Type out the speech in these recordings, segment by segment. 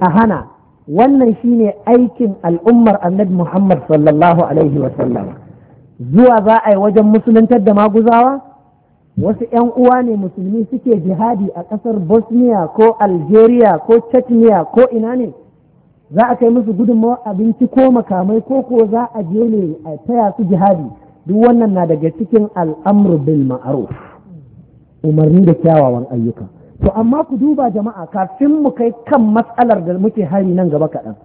a hana wannan shine aikin al'ummar annabi Muhammad sallallahu alaihi wasallam zuwa za a yi wajen musuluntar da maguzawa wasu 'yan uwa ne musulmi suke jihadi a ƙasar bosnia ko algeria ko chechnya ko ina ne za a kai musu gudunmawar abinci ko makamai ko ko za a je ne a taya su jihadi duk wannan na daga cikin al'amru bil Ma'aruf. umarni da kyawawan ayyuka to amma ku duba jama'a kafin mu kai kan matsalar da muke hari nan gaba kaɗan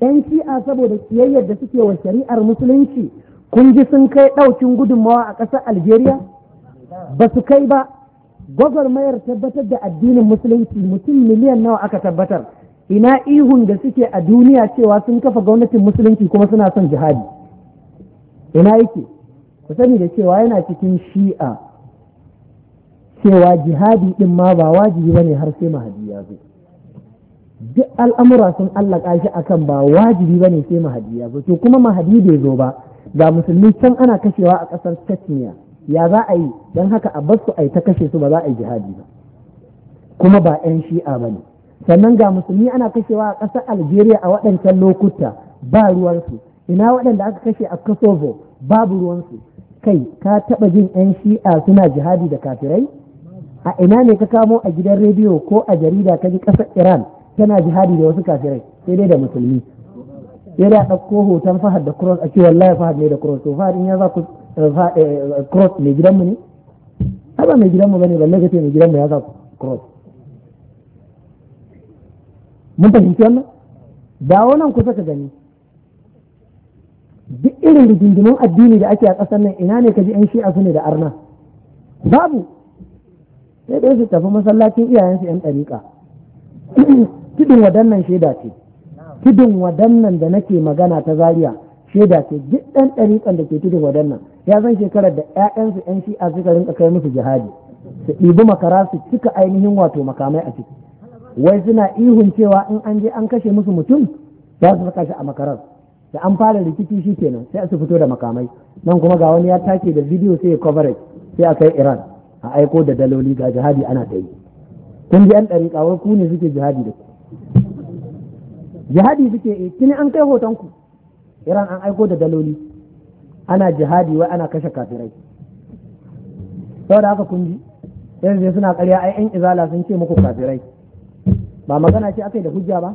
yan shi'a saboda ƙiyayyar da suke wa shari'ar musulunci kun ji sun kai ɗaukin gudunmawa a ƙasar algeria ba su kai ba gwagwarmayar tabbatar da addinin musulunci mutum miliyan nawa aka tabbatar ina ihun da suke a duniya cewa sun kafa gwamnatin musulunci kuma suna son jihadi ina yake ku sani da cewa yana cikin shi'a cewa jihadi ɗin ma ba wajibi bane har sai mahadi ya zo duk al'amura sun allaka shi akan ba wajibi bane sai mahadi ya zo to kuma mahadi bai zo ba ga musulmi can ana kashewa a ƙasar Chechnya ya za a yi don haka a basu a yi ta kashe su ba za a yi jihadi ba kuma ba 'yan shi'a ba ne sannan ga musulmi ana kashewa a ƙasar algeria a waɗancan lokuta ba ruwansu ina waɗanda aka kashe a kosovo babu ruwansu kai ka taɓa jin 'yan shi'a suna jihadi da kafirai a ina ne ka kamo a gidan rediyo ko a jarida ka ji ƙasar iran tana jihadi da wasu kafirai sai dai da musulmi sai dai a ɗauko hoton fahad da cross a ce wallahi fahad ne da cross to fahad in ya za ku eh, eh, cross mai gidanmu ne ai ba mai gidanmu bane balle ka ce mai gidanmu ya za cross mun fahimci wannan dawo nan kusa ka gani duk irin rigingimin addini da ake a ƙasar nan ina ne ka ji 'yan shi'a su ne da arna babu sai dai su tafi masallacin iyayensu yan ɗariƙa tudun wadannan shaida ce tudun wadannan da nake magana ta Zariya shaida ce duk ɗan ɗariƙan da ke tudun wadannan ya zan shekarar da 'ya'yansu 'yan a suka rinka kai musu jihadi su ɗibi makara su cika ainihin wato makamai a ciki wai suna ihun cewa in an je an kashe musu mutum za su saka shi a makarar da an fara rikici shi kenan sai su fito da makamai nan kuma ga wani ya take da bidiyo sai ya coverage sai a kai iran a aiko da daloli ga jihadi ana ta yi kun ji an ɗari wai ku ne suke jihadi da ku jihadi suke yi eh, tuni an kai hoton ku iran an aiko da daloli ana jihadi wai ana kashe kafirai saboda haka kun ji yanzu suna karya ai yan izala sun ce muku kafirai ba magana ce yi da hujja ba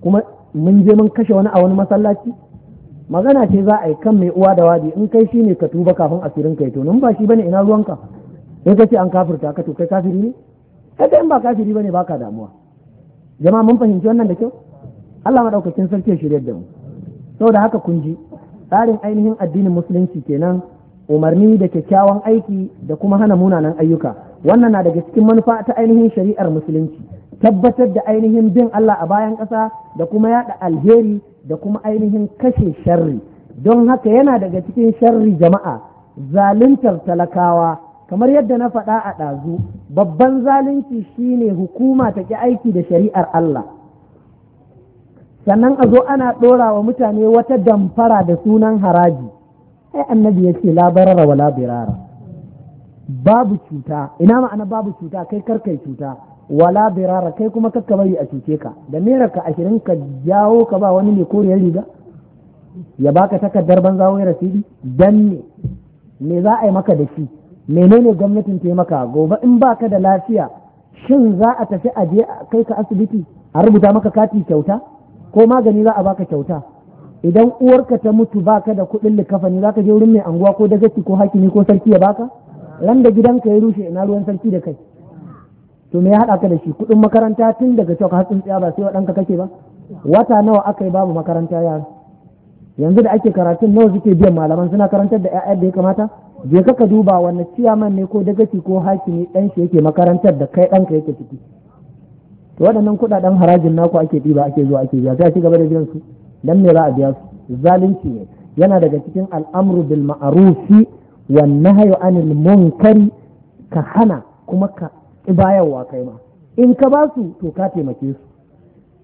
kuma mun je mun kashe wani a wani masallaci magana ce za a yi kan mai uwa da wadi in kai shi ne ka tuba kafin asirin kai to nan ba shi bane ina ruwanka in ka ce an kafirta ka to kai kafiri ne kai in ba kafiri bane baka damuwa jama'a mun fahimci wannan da kyau Allah madaukakin sarki ya shirya da mu saboda haka kun ji tsarin ainihin addinin musulunci kenan umarni da kyakkyawan aiki da kuma hana munanan ayyuka wannan na daga cikin manufa ta ainihin shari'ar musulunci tabbatar da ainihin bin Allah a bayan ƙasa da kuma yada alheri da kuma ainihin kashe sharri don haka yana daga cikin sharri jama'a zaluntar talakawa kamar yadda na faɗa a ɗazu babban zalunci shine hukuma ta ƙi aiki da shari'ar Allah sannan a zo ana ɗora wa mutane wata damfara da sunan haraji ai annabi ya ce labarara wala birara babu cuta ina ma'ana babu cuta kai karkai cuta wala birara kai kuma kakka bari a cuce ka da naira ka ashirin ka jawo ka ba wani mai koriyar riga ya baka takardar banza wai rasidi dan me za a yi maka da shi menene gwamnatin taimaka gobe in baka da lafiya shin za a tafi a kai ka asibiti a rubuta maka kati kyauta ko magani za a baka kyauta idan uwarka ta mutu baka da kuɗin likafani za ka je wurin mai anguwa ko dagaci ko hakimi ko sarki ya baka ran da gidanka ya rushe ina ruwan sarki da kai to me ya haɗa ka da shi kuɗin makaranta tun daga cewa har tsintsiya ba sai waɗanka kake ba wata nawa aka yi babu makaranta yara yanzu da ake karatun nawa suke biyan malaman suna karantar da 'ya'ya da ya kamata je ka duba wannan ciyaman ne ko dagaci ko hakimi dan shi yake makarantar da kai ɗanka yake ciki to waɗannan kuɗaɗen harajin naku ake ɗiba ake zuwa ake biya sai ci gaba da biyan su dan me za a biya su zalunci ne yana daga cikin al'amru bil ma'rufi wa nahyu anil munkari ka hana kuma ka bayarwa kai ma in ka ba su to ka taimake su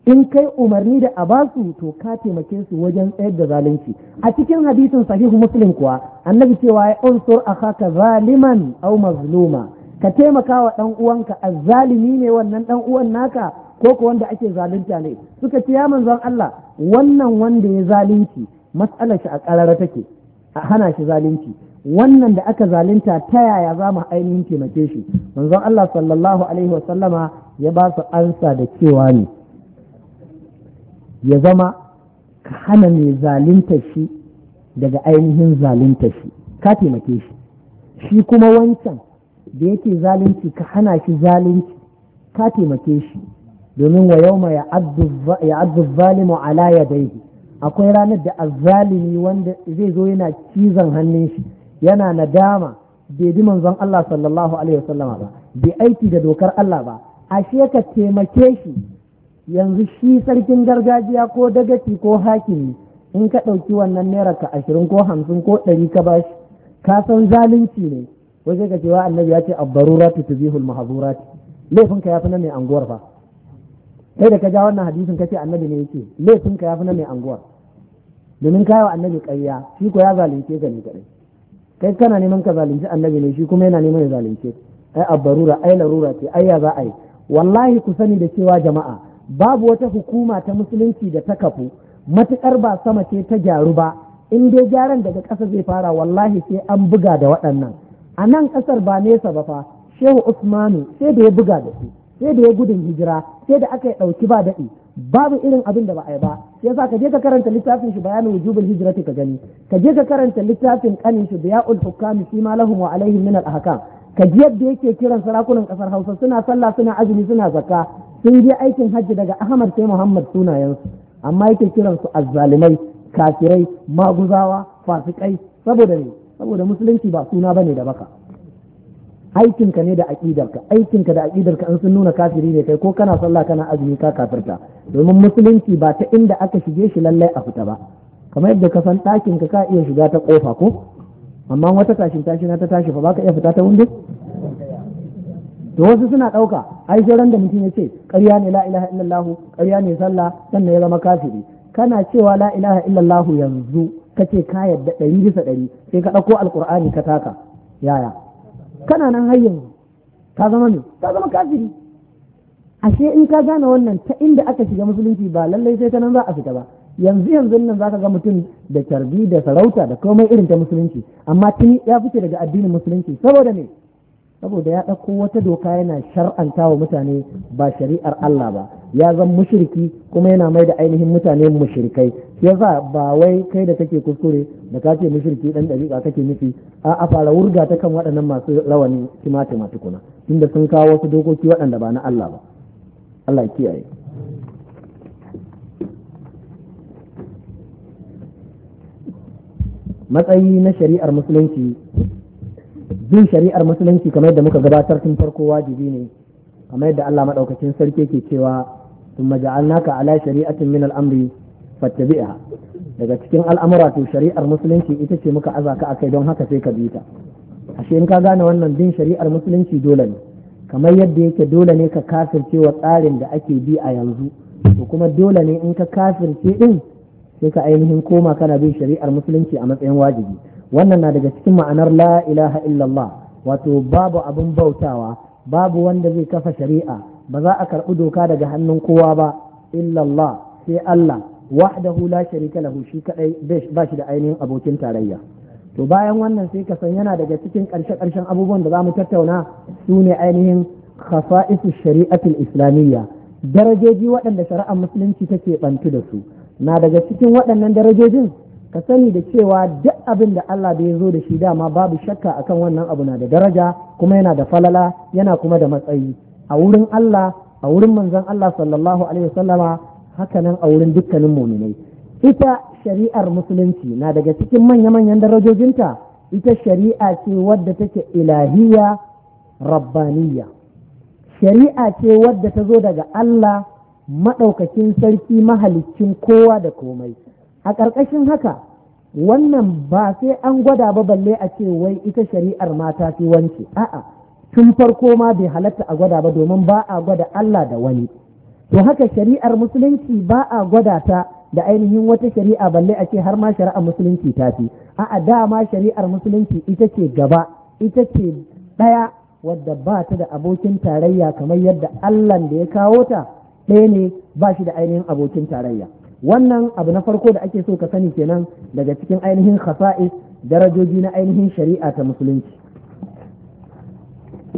in kai umarni da a basu to ka taimake su wajen tsayar da zalunci a cikin hadisin sahihu muslim kuwa annabi cewa ya unsur akhaka zaliman aw mazluma ka taimaka wa dan uwanka azzalimi ne wannan dan uwan naka ko ko wanda ake zalunta ne suka ce ya manzon Allah wannan wanda ya zalunci mas'alar shi a karara take a hana shi zalunci wannan da aka zalunta ta yaya za mu ainihin taimake shi manzon Allah sallallahu alaihi wa sallama ya ba su ansa da cewa ne ya zama ka hana mai zalunta shi daga ainihin zalunta shi ka taimake shi shi kuma wancan da yake zalunci ka hana shi zalunci ka taimake shi domin wa yau ma ya addu zalimu ala daidai akwai ranar da azzalimi wanda zai zo yana cizon hannun shi yana nadama bai bi manzon Allah sallallahu alaihi wasallama ba bai aiki da dokar Allah ba ashe ka taimake shi yanzu shi sarkin gargajiya ko dagaci ko hakimi in ka ɗauki wannan naira ka ashirin ko hamsin ko ɗari ka bashi ka san zalunci ne waje ka cewa annabi ya ce abbaruratu tubihul mahzurat laifin ka yafi na mai anguwar fa kai da ka ja wannan hadisin kace annabi ne yake laifin ka yafi na mai anguwar domin ka wa annabi ƙarya shi ko ya zalunce ka ne kadai kai kana neman ka zalunci annabi ne shi kuma yana neman ya zalunce ai abbarura ai larura ce ai ya za a yi wallahi ku sani da cewa jama'a babu wata hukuma ta musulunci da ta kafu matuƙar ba sama ce ta gyaru ba in dai gyaran daga ƙasa zai fara wallahi sai an buga da waɗannan a nan ƙasar ba nesa ba fa shehu usmanu sai da ya buga da su sai da ya gudun hijira sai da aka yi ɗauki ba daɗi babu irin abin da ba a yi ba sai yasa ka je ka karanta littafin shi bayanin wujubul hijira ka gani ka je ka karanta littafin kanin shi biyaul hukami fi ma lahum wa alaihim min al ka ji yadda yake kiran sarakunan ƙasar Hausa suna sallah suna azumi suna zakka sun je aikin hajji daga Ahmad sai Muhammad sunayensu amma yake kiransu azzalimai kafirai maguzawa fasikai saboda ne saboda musulunci ba suna bane da baka aikinka ne da aƙidarka aikinka da aƙidarka in sun nuna kafiri ne kai ko kana sallah kana azumi ka kafirta domin musulunci ba ta inda aka shige shi lallai a fita ba kamar yadda ka san ɗakinka ka iya shiga ta kofa ko amma wata tashin na ta tashi fa baka iya fita ta wundu Da wasu suna ɗauka ai sai da mutum ya ce ƙarya ne la ilaha illallah ƙarya ne sallah sannan ya zama kafiri kana cewa la ilaha illallah yanzu kace ka yadda ɗari bisa ɗari sai ka ɗauko alƙur'ani ka taka yaya kana nan har ka zama me ka zama kafiri ashe in ka gane wannan ta inda aka shiga musulunci ba lallai sai ta nan za a fita ba yanzu yanzu nan zaka ga mutum da carbi da sarauta da komai irin ta musulunci amma tuni ya fice daga addinin musulunci saboda me saboda ya ɗauko wata doka yana shar'anta wa mutane ba shari'ar Allah ba ya zan mushriki kuma yana mai da ainihin mutane mushrikai za ba wai kai da kake kuskure da ka ce mushriki dan dariƙa kake nufi a a fara wurga ta kan waɗannan masu rawanin timatima tukuna inda sun kawo wasu dokoki waɗanda ba na Allah ba Allah ya kiyaye matsayi na shari'ar musulunci bin shari'ar musulunci kamar yadda muka gabatar tun farko wajibi ne kamar yadda Allah madaukakin sarki ke cewa ثم ala على min من الأمر فاتبعها daga cikin al'amura to shari'ar musulunci ita ce muka aza ka akai don haka sai ka bi ta ashe in ka gane wannan bin shari'ar musulunci dole ne kamar yadda yake dole ne ka kafirce wa tsarin da ake bi a yanzu to kuma dole ne in ka kafirce din sai ka ainihin koma kana bin shari'ar musulunci a matsayin wajibi wannan na daga cikin ma'anar la ilaha illallah wato babu abin bautawa babu wanda zai kafa shari'a ba za a karɓi doka daga hannun kowa ba illallah sai Allah wahdahu la sharika lahu shi kadai ba shi da ainihin abokin tarayya to bayan wannan sai ka san yana daga cikin karshe ƙarshen abubuwan da za mu tattauna su ne ainihin khasa'isu shari'atul islamiyya darajoji waɗanda shari'ar musulunci take bantu da su na daga cikin waɗannan darajojin ka sani da cewa duk abin da Allah da ya zo da shi dama babu shakka akan wannan abu na da daraja kuma yana da falala yana kuma da matsayi a wurin Allah a wurin manzon Allah sallallahu alaihi wasallama nan, a wurin dukkanin muminai ita shari'ar musulunci na daga cikin manya-manyan darajojinta ita shari'a ce wadda take ilahiya rabbaniya shari'a ce wadda ta zo daga Allah maɗaukacin sarki mahaliccin kowa da komai a ƙarƙashin haka wannan ba sai an gwada ba balle a ce wai ita shari'ar mata fi wance a'a tun farko ma bai halatta a gwada ba domin ba a gwada Allah da wani to haka shari'ar musulunci ba a gwada ta da ainihin wata shari'a balle a ce har ma shari'ar musulunci ta fi a'a dama shari'ar musulunci ita ce gaba ita ce ɗaya wadda ba ta da abokin tarayya kamar yadda Allah da ya kawo ta ɗaya ne ba shi da ainihin abokin tarayya wannan abu na farko da ake so ka sani kenan daga cikin ainihin khasa'is darajoji na ainihin shari'a ta musulunci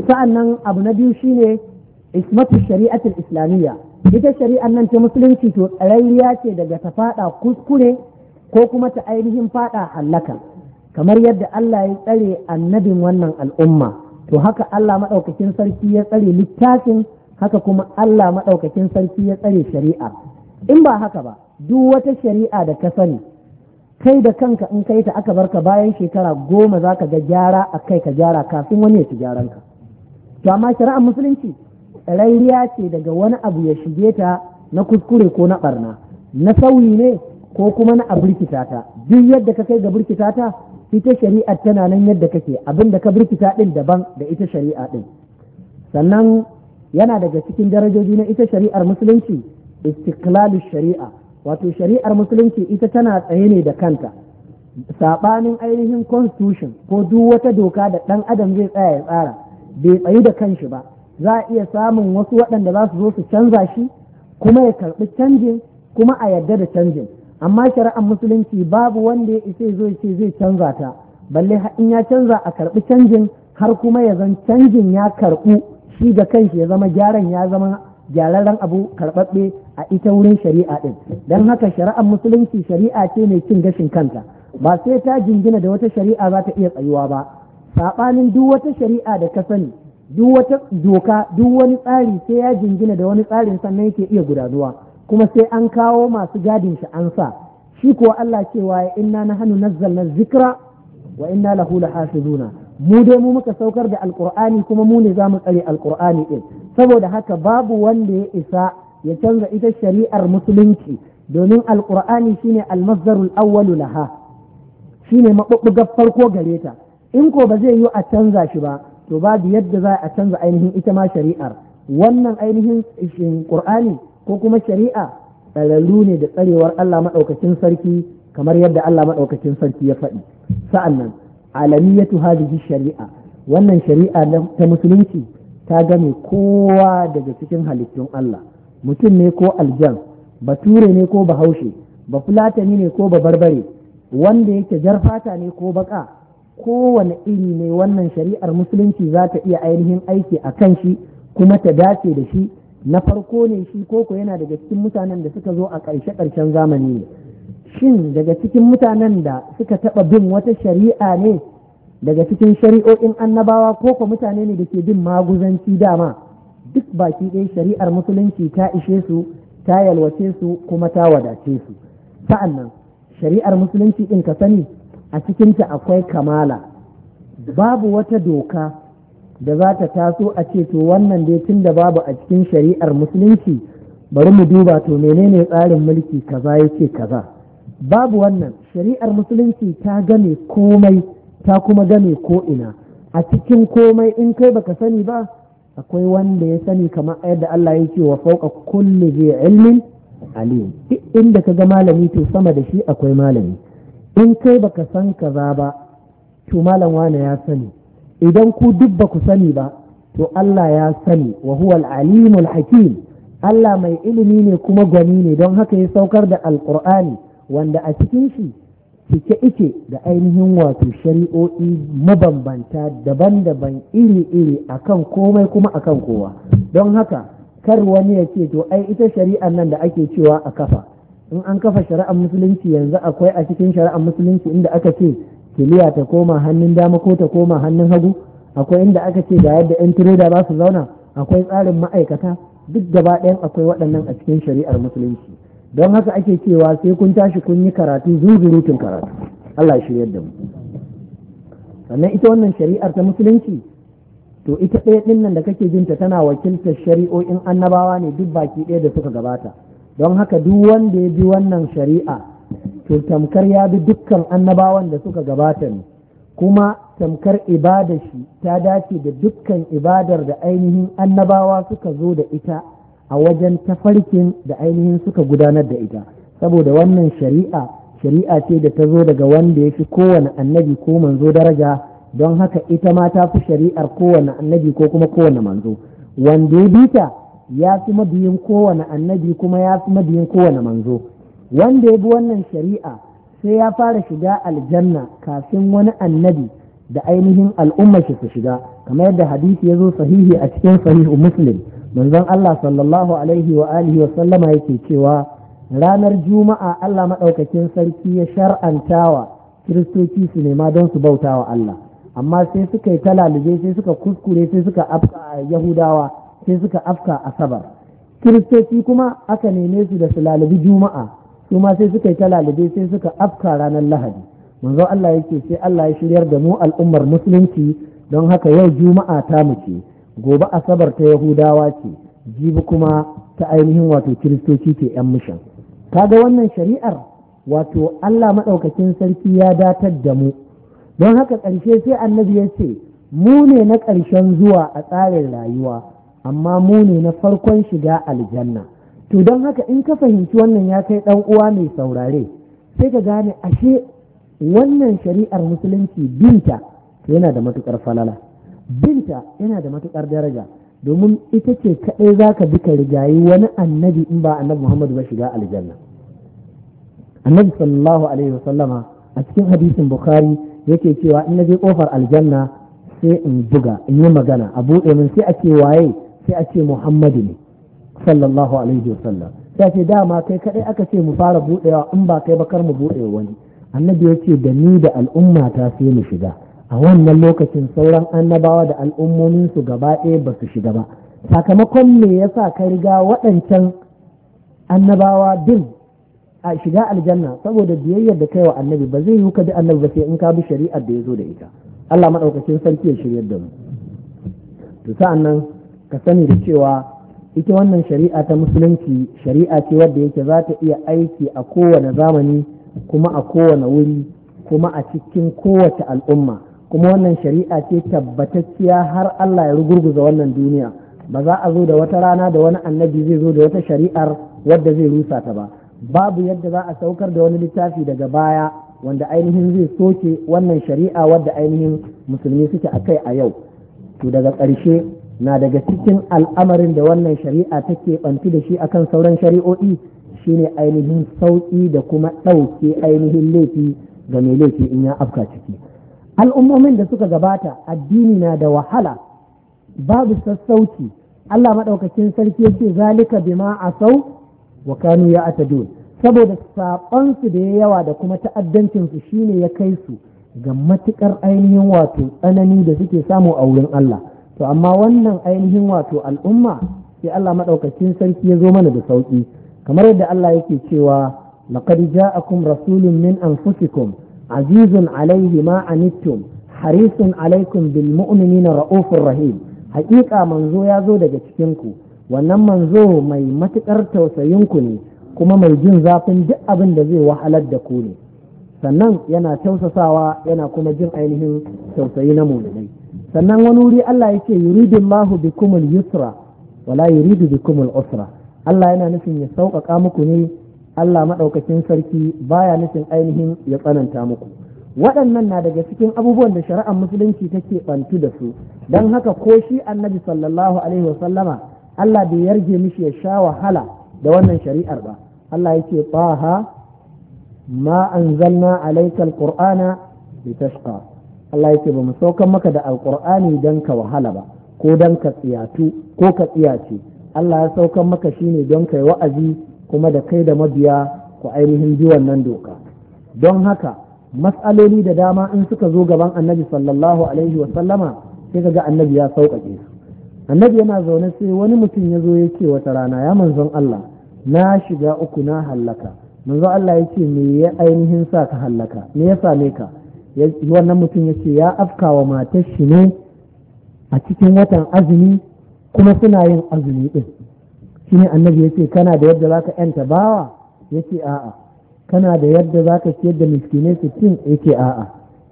sa'annan abu na biyu shine ismatu shari'atul islamiyya ita shari'an nan ta musulunci to tsararriya ce daga ta fada kuskure ko kuma ta ainihin fada hallaka kamar yadda Allah ya tsare annabin wannan al'umma to haka Allah maɗaukakin sarki ya tsare littafin haka kuma Allah maɗaukacin sarki ya tsare shari'a in ba haka ba duk wata shari'a da ka sani kai da kanka in kai ta aka barka bayan shekara goma za ka ga gyara a kai ka gyara kafin wani ya ci gyaran ka to amma shari'ar musulunci rairiya ce daga wani abu ya shige ta na kuskure ko na barna na sauyi ne ko kuma na abirkita ta duk yadda ka kai ga birkita ta ita shari'a tana nan yadda kake abin da ka birkita ɗin daban da ita shari'a ɗin. sannan yana daga cikin darajoji na ita shari'ar musulunci istiklalu shari'a wato shari'ar musulunci ita tana tsaye ne da kanta saɓanin ainihin constitution ko duk wata doka da ɗan adam zai tsaya ya tsara bai tsayi da kanshi ba za a iya samun wasu waɗanda za su zo su canza shi kuma ya karɓi canjin kuma a yarda da canjin amma shari'ar musulunci babu wanda ya isa zo ce zai canza ta balle in ya canza a karɓi canjin har kuma ya zan canjin ya karɓu shi da kanshi ya zama gyaran ya zama gyararren abu karɓaɓɓe a ita wurin shari'a ɗin don haka shari'ar musulunci shari'a ce mai cin gashin kanta ba sai ta jingina da wata shari'a za ta iya tsayuwa ba saɓanin duk wata shari'a da ka sani duk wata doka duk wani tsari sai ya jingina da wani tsarin sannan yake iya gudanuwa kuma sai an kawo masu gadin shi an sa shi kuwa Allah cewa inna nahnu nazzalna zikra wa inna lahu lahafizuna mu dai mu muka saukar da alkur'ani kuma mu ne za mu tsare alkur'ani din saboda haka babu wanda ya isa ya canza ita shari'ar musulunci domin alkur'ani shine almasdarul awwalu laha shine mabubbugar farko gare ta in ko ba zai yi a canza shi ba to babu yadda za a canza ainihin ita ma shari'ar wannan ainihin qur'ani ko kuma shari'a tsararru ne da tsarewar Allah madaukakin sarki kamar yadda Allah madaukakin sarki ya faɗi sa'annan alamiyatu hadhihi shari'a wannan shari'a ta musulunci ta game kowa daga cikin halittun Allah mutum ne ko aljan bature ne ko bahaushe ba fulatani ne ko ba barbare wanda yake jarfata ne ko baka kowane iri ne wannan shari'ar musulunci za ta iya ainihin aiki a kan shi kuma ta dace da shi na farko ne shi koko yana daga cikin mutanen da suka zo a ƙarshe ƙarshen zamani ne shin daga cikin mutanen da suka taɓa bin wata shari'a ne daga cikin shari'o'in annabawa ko ko mutane ne da ke bin maguzanci dama duk baki ɗaya shari'ar musulunci ta ishe su ta yalwace su kuma ta wadace su sa'annan shari'ar musulunci ɗin ka sani a cikinta akwai kamala babu wata doka da za ta taso a ce to wannan dai tun da babu a cikin shari'ar musulunci bari mu duba to menene tsarin mulki kaza yake kaza babu wannan shari'ar musulunci ta game komai ta kuma game ko'ina a cikin komai in kai baka sani ba akwai wanda ya sani kamar yadda Allah ya ce wa fauka kulli zai ilmin alim duk inda ka ga malami to sama da shi akwai malami in kai baka san kaza ba to malam wane ya sani idan ku duk ba ku sani ba to Allah ya sani wa huwa alimul hakim Allah mai ilimi ne kuma gwani ne don haka ya saukar da alqur'ani wanda a cikin shi cike ike da ainihin wato shari'o'i mabambanta daban-daban iri-iri akan komai kuma akan kowa don haka kar wani ya ce to ai ita shari'ar nan da ake cewa a kafa in an kafa shari'ar musulunci yanzu akwai a cikin shari'ar musulunci inda aka ce kiliya ta koma hannun dama ko ta koma hannun hagu akwai inda aka ce ga yadda yan tireda za su zauna akwai tsarin ma'aikata duk gaba ɗayan akwai waɗannan a cikin shari'ar musulunci don haka ake cewa sai kun tashi kun yi karatu zuzurutun karatu Allah shi yadda mu sannan ita wannan shari'ar ta musulunci to ita ɗaya ɗin nan da kake jinta tana wakiltar shari'o'in annabawa ne duk baki ɗaya da suka gabata don haka duk wanda ya bi wannan shari'a to tamkar ya bi dukkan annabawan da suka gabata ne kuma tamkar ibada shi ta dace da dukkan ibadar da ainihin annabawa suka zo da ita a wajen tafarkin da ainihin suka gudanar da ita saboda wannan shari'a shari'a ce da ta zo daga wanda ya fi kowane annabi ko manzo daraja don haka ita ma ta fi shari'ar kowane annabi ko kuma kowane manzo wanda ya bi ta ya fi mabiyin kowane annabi kuma ya fi mabiyin kowane manzo wanda ya bi wannan shari'a sai ya fara shiga aljanna kafin wani annabi da ainihin al'ummar shi su shiga kamar yadda hadisi ya zo sahihi a cikin sahihu muslim manzon Allah sallallahu alaihi wa alihi wa sallama yake cewa ranar juma'a Allah maɗaukakin sarki ya shar'antawa kiristoci su nema don su bauta wa Allah amma sai suka yi talalube sai suka kuskure sai suka afka yahudawa sai suka afka asabar kiristoci kuma aka neme su da su lalubi juma'a su ma sai suka yi talalube sai suka afka ranar lahadi manzo Allah yake sai Allah ya shiryar da mu al'ummar musulunci don haka yau juma'a ta mu ce gobe asabar ta yahudawa ce jibi kuma ta ainihin wato kiristoci ce 'yan mishan kaga wannan shari'ar wato allah maɗaukakin sarki ya datar da mu don haka ƙarshe sai annabi ya ce mu ne na ƙarshen zuwa a tsarin rayuwa amma mu ne na farkon shiga aljanna to don haka in ka fahimci wannan ya kai ɗan uwa mai saurare sai ka gane ashe wannan shari'ar musulunci binta yana da matuƙar falala binta yana da matuƙar daraja domin ita ce kaɗai za ka bi ka rigayi wani annabi in ba annabi muhammadu ba shiga aljanna annabi sallallahu alaihi wasallama a cikin hadisin bukhari yake cewa in je kofar aljanna sai in buga in yi magana a buɗe min sai a ce waye sai a ce muhammadu ne sallallahu alaihi wasallam sai a ce dama kai kaɗai aka ce mu fara buɗewa in ba kai ba kar mu buɗe wani annabi ya ce da ni da al'umma ta sai mu shiga a wannan lokacin sauran annabawa da su gaba ɗaya ba su shiga ba sakamakon me sa ka riga waɗancan annabawa bin a shiga aljanna saboda biyayyar da kai wa annabi ba zai yi ka bi annabi ba sai in ka bi shari'ar da ya zo da ita Allah maɗaukacin sarki ya shiryar da mu to sa'an nan ka sani da cewa ita wannan shari'a ta musulunci shari'a ce wadda yake za ta iya aiki a kowane zamani kuma a kowane wuri kuma a cikin kowace al'umma kuma wannan shari'a ce tabbatacciya har Allah ya rugurguza wannan duniya ba za a zo da wata rana da wani annabi zai zo da wata shari'ar wadda zai rusa ta ba babu yadda za a saukar da wani littafi daga baya wanda ainihin zai soke wannan shari'a wadda ainihin musulmi suke a kai a yau to daga ƙarshe na daga cikin al'amarin da wannan shari'a take ɓanti da shi akan sauran shari'o'i shine ainihin sauƙi da kuma ɗauke ainihin laifi ga mai laifi in ya afka ciki al'ummomin da suka gabata addini na da wahala babu sassauci Allah maɗaukakin sarki ya ce zalika bima asau wa kanu ya atadun saboda saƙonsu da ya yawa da kuma ta'addancinsu shine ya kai su ga matuƙar ainihin wato tsanani da suke samu a wurin Allah to amma wannan ainihin wato al'umma sai Allah maɗaukakin sarki ya zo mana da sauƙi kamar yadda Allah yake cewa laqad ja'akum rasulun min anfusikum azizun alaihi ma anittum harisun alaikum bil mu'minina ra'ufur rahim haƙiƙa manzo ya zo daga cikin ku wannan manzo mai matuƙar tausayin ku ne kuma mai jin zafin duk abin da zai wahalar da ku ne sannan yana tausasawa yana kuma jin ainihin tausayi na mu'minai sannan wani wuri Allah ya ce yuridullahu bikumul yusra wala yuridu bikumul usra Allah yana nufin ya sauƙaƙa muku ne Allah maɗaukakin sarki baya nufin ainihin ya tsananta muku waɗannan na daga cikin abubuwan da shari'ar musulunci take ɓantu da su don haka ko shi annabi sallallahu alaihi wasallama Allah bai yarje mishi ya sha wahala da wannan shari'ar ba Allah yake taha ma anzalna alayka alqur'ana litashqa Allah ce ba mu saukan maka da alqur'ani don ka wahala ba ko dan ka tsiyatu ko ka tsiyace Allah ya saukar maka shine don kai wa'azi kuma da kai da mabiya ku ainihin bi wannan doka don haka matsaloli da dama in suka zo gaban annabi sallallahu alaihi wasallama sai ka ga annabi ya sauƙaƙe su annabi yana zaune sai wani mutum ya zo ya ce wata rana ya manzon Allah na shiga uku na hallaka manzon Allah ya ce me ya ainihin sa ka hallaka me ya same ka wannan mutum ya ce ya afkawa matar shi ne a cikin watan azumi kuma suna yin azumi din ne annabi yace kana da yadda zaka yanta bawa yace a'a kana da yadda zaka ciyar da miskinai ya yace a'a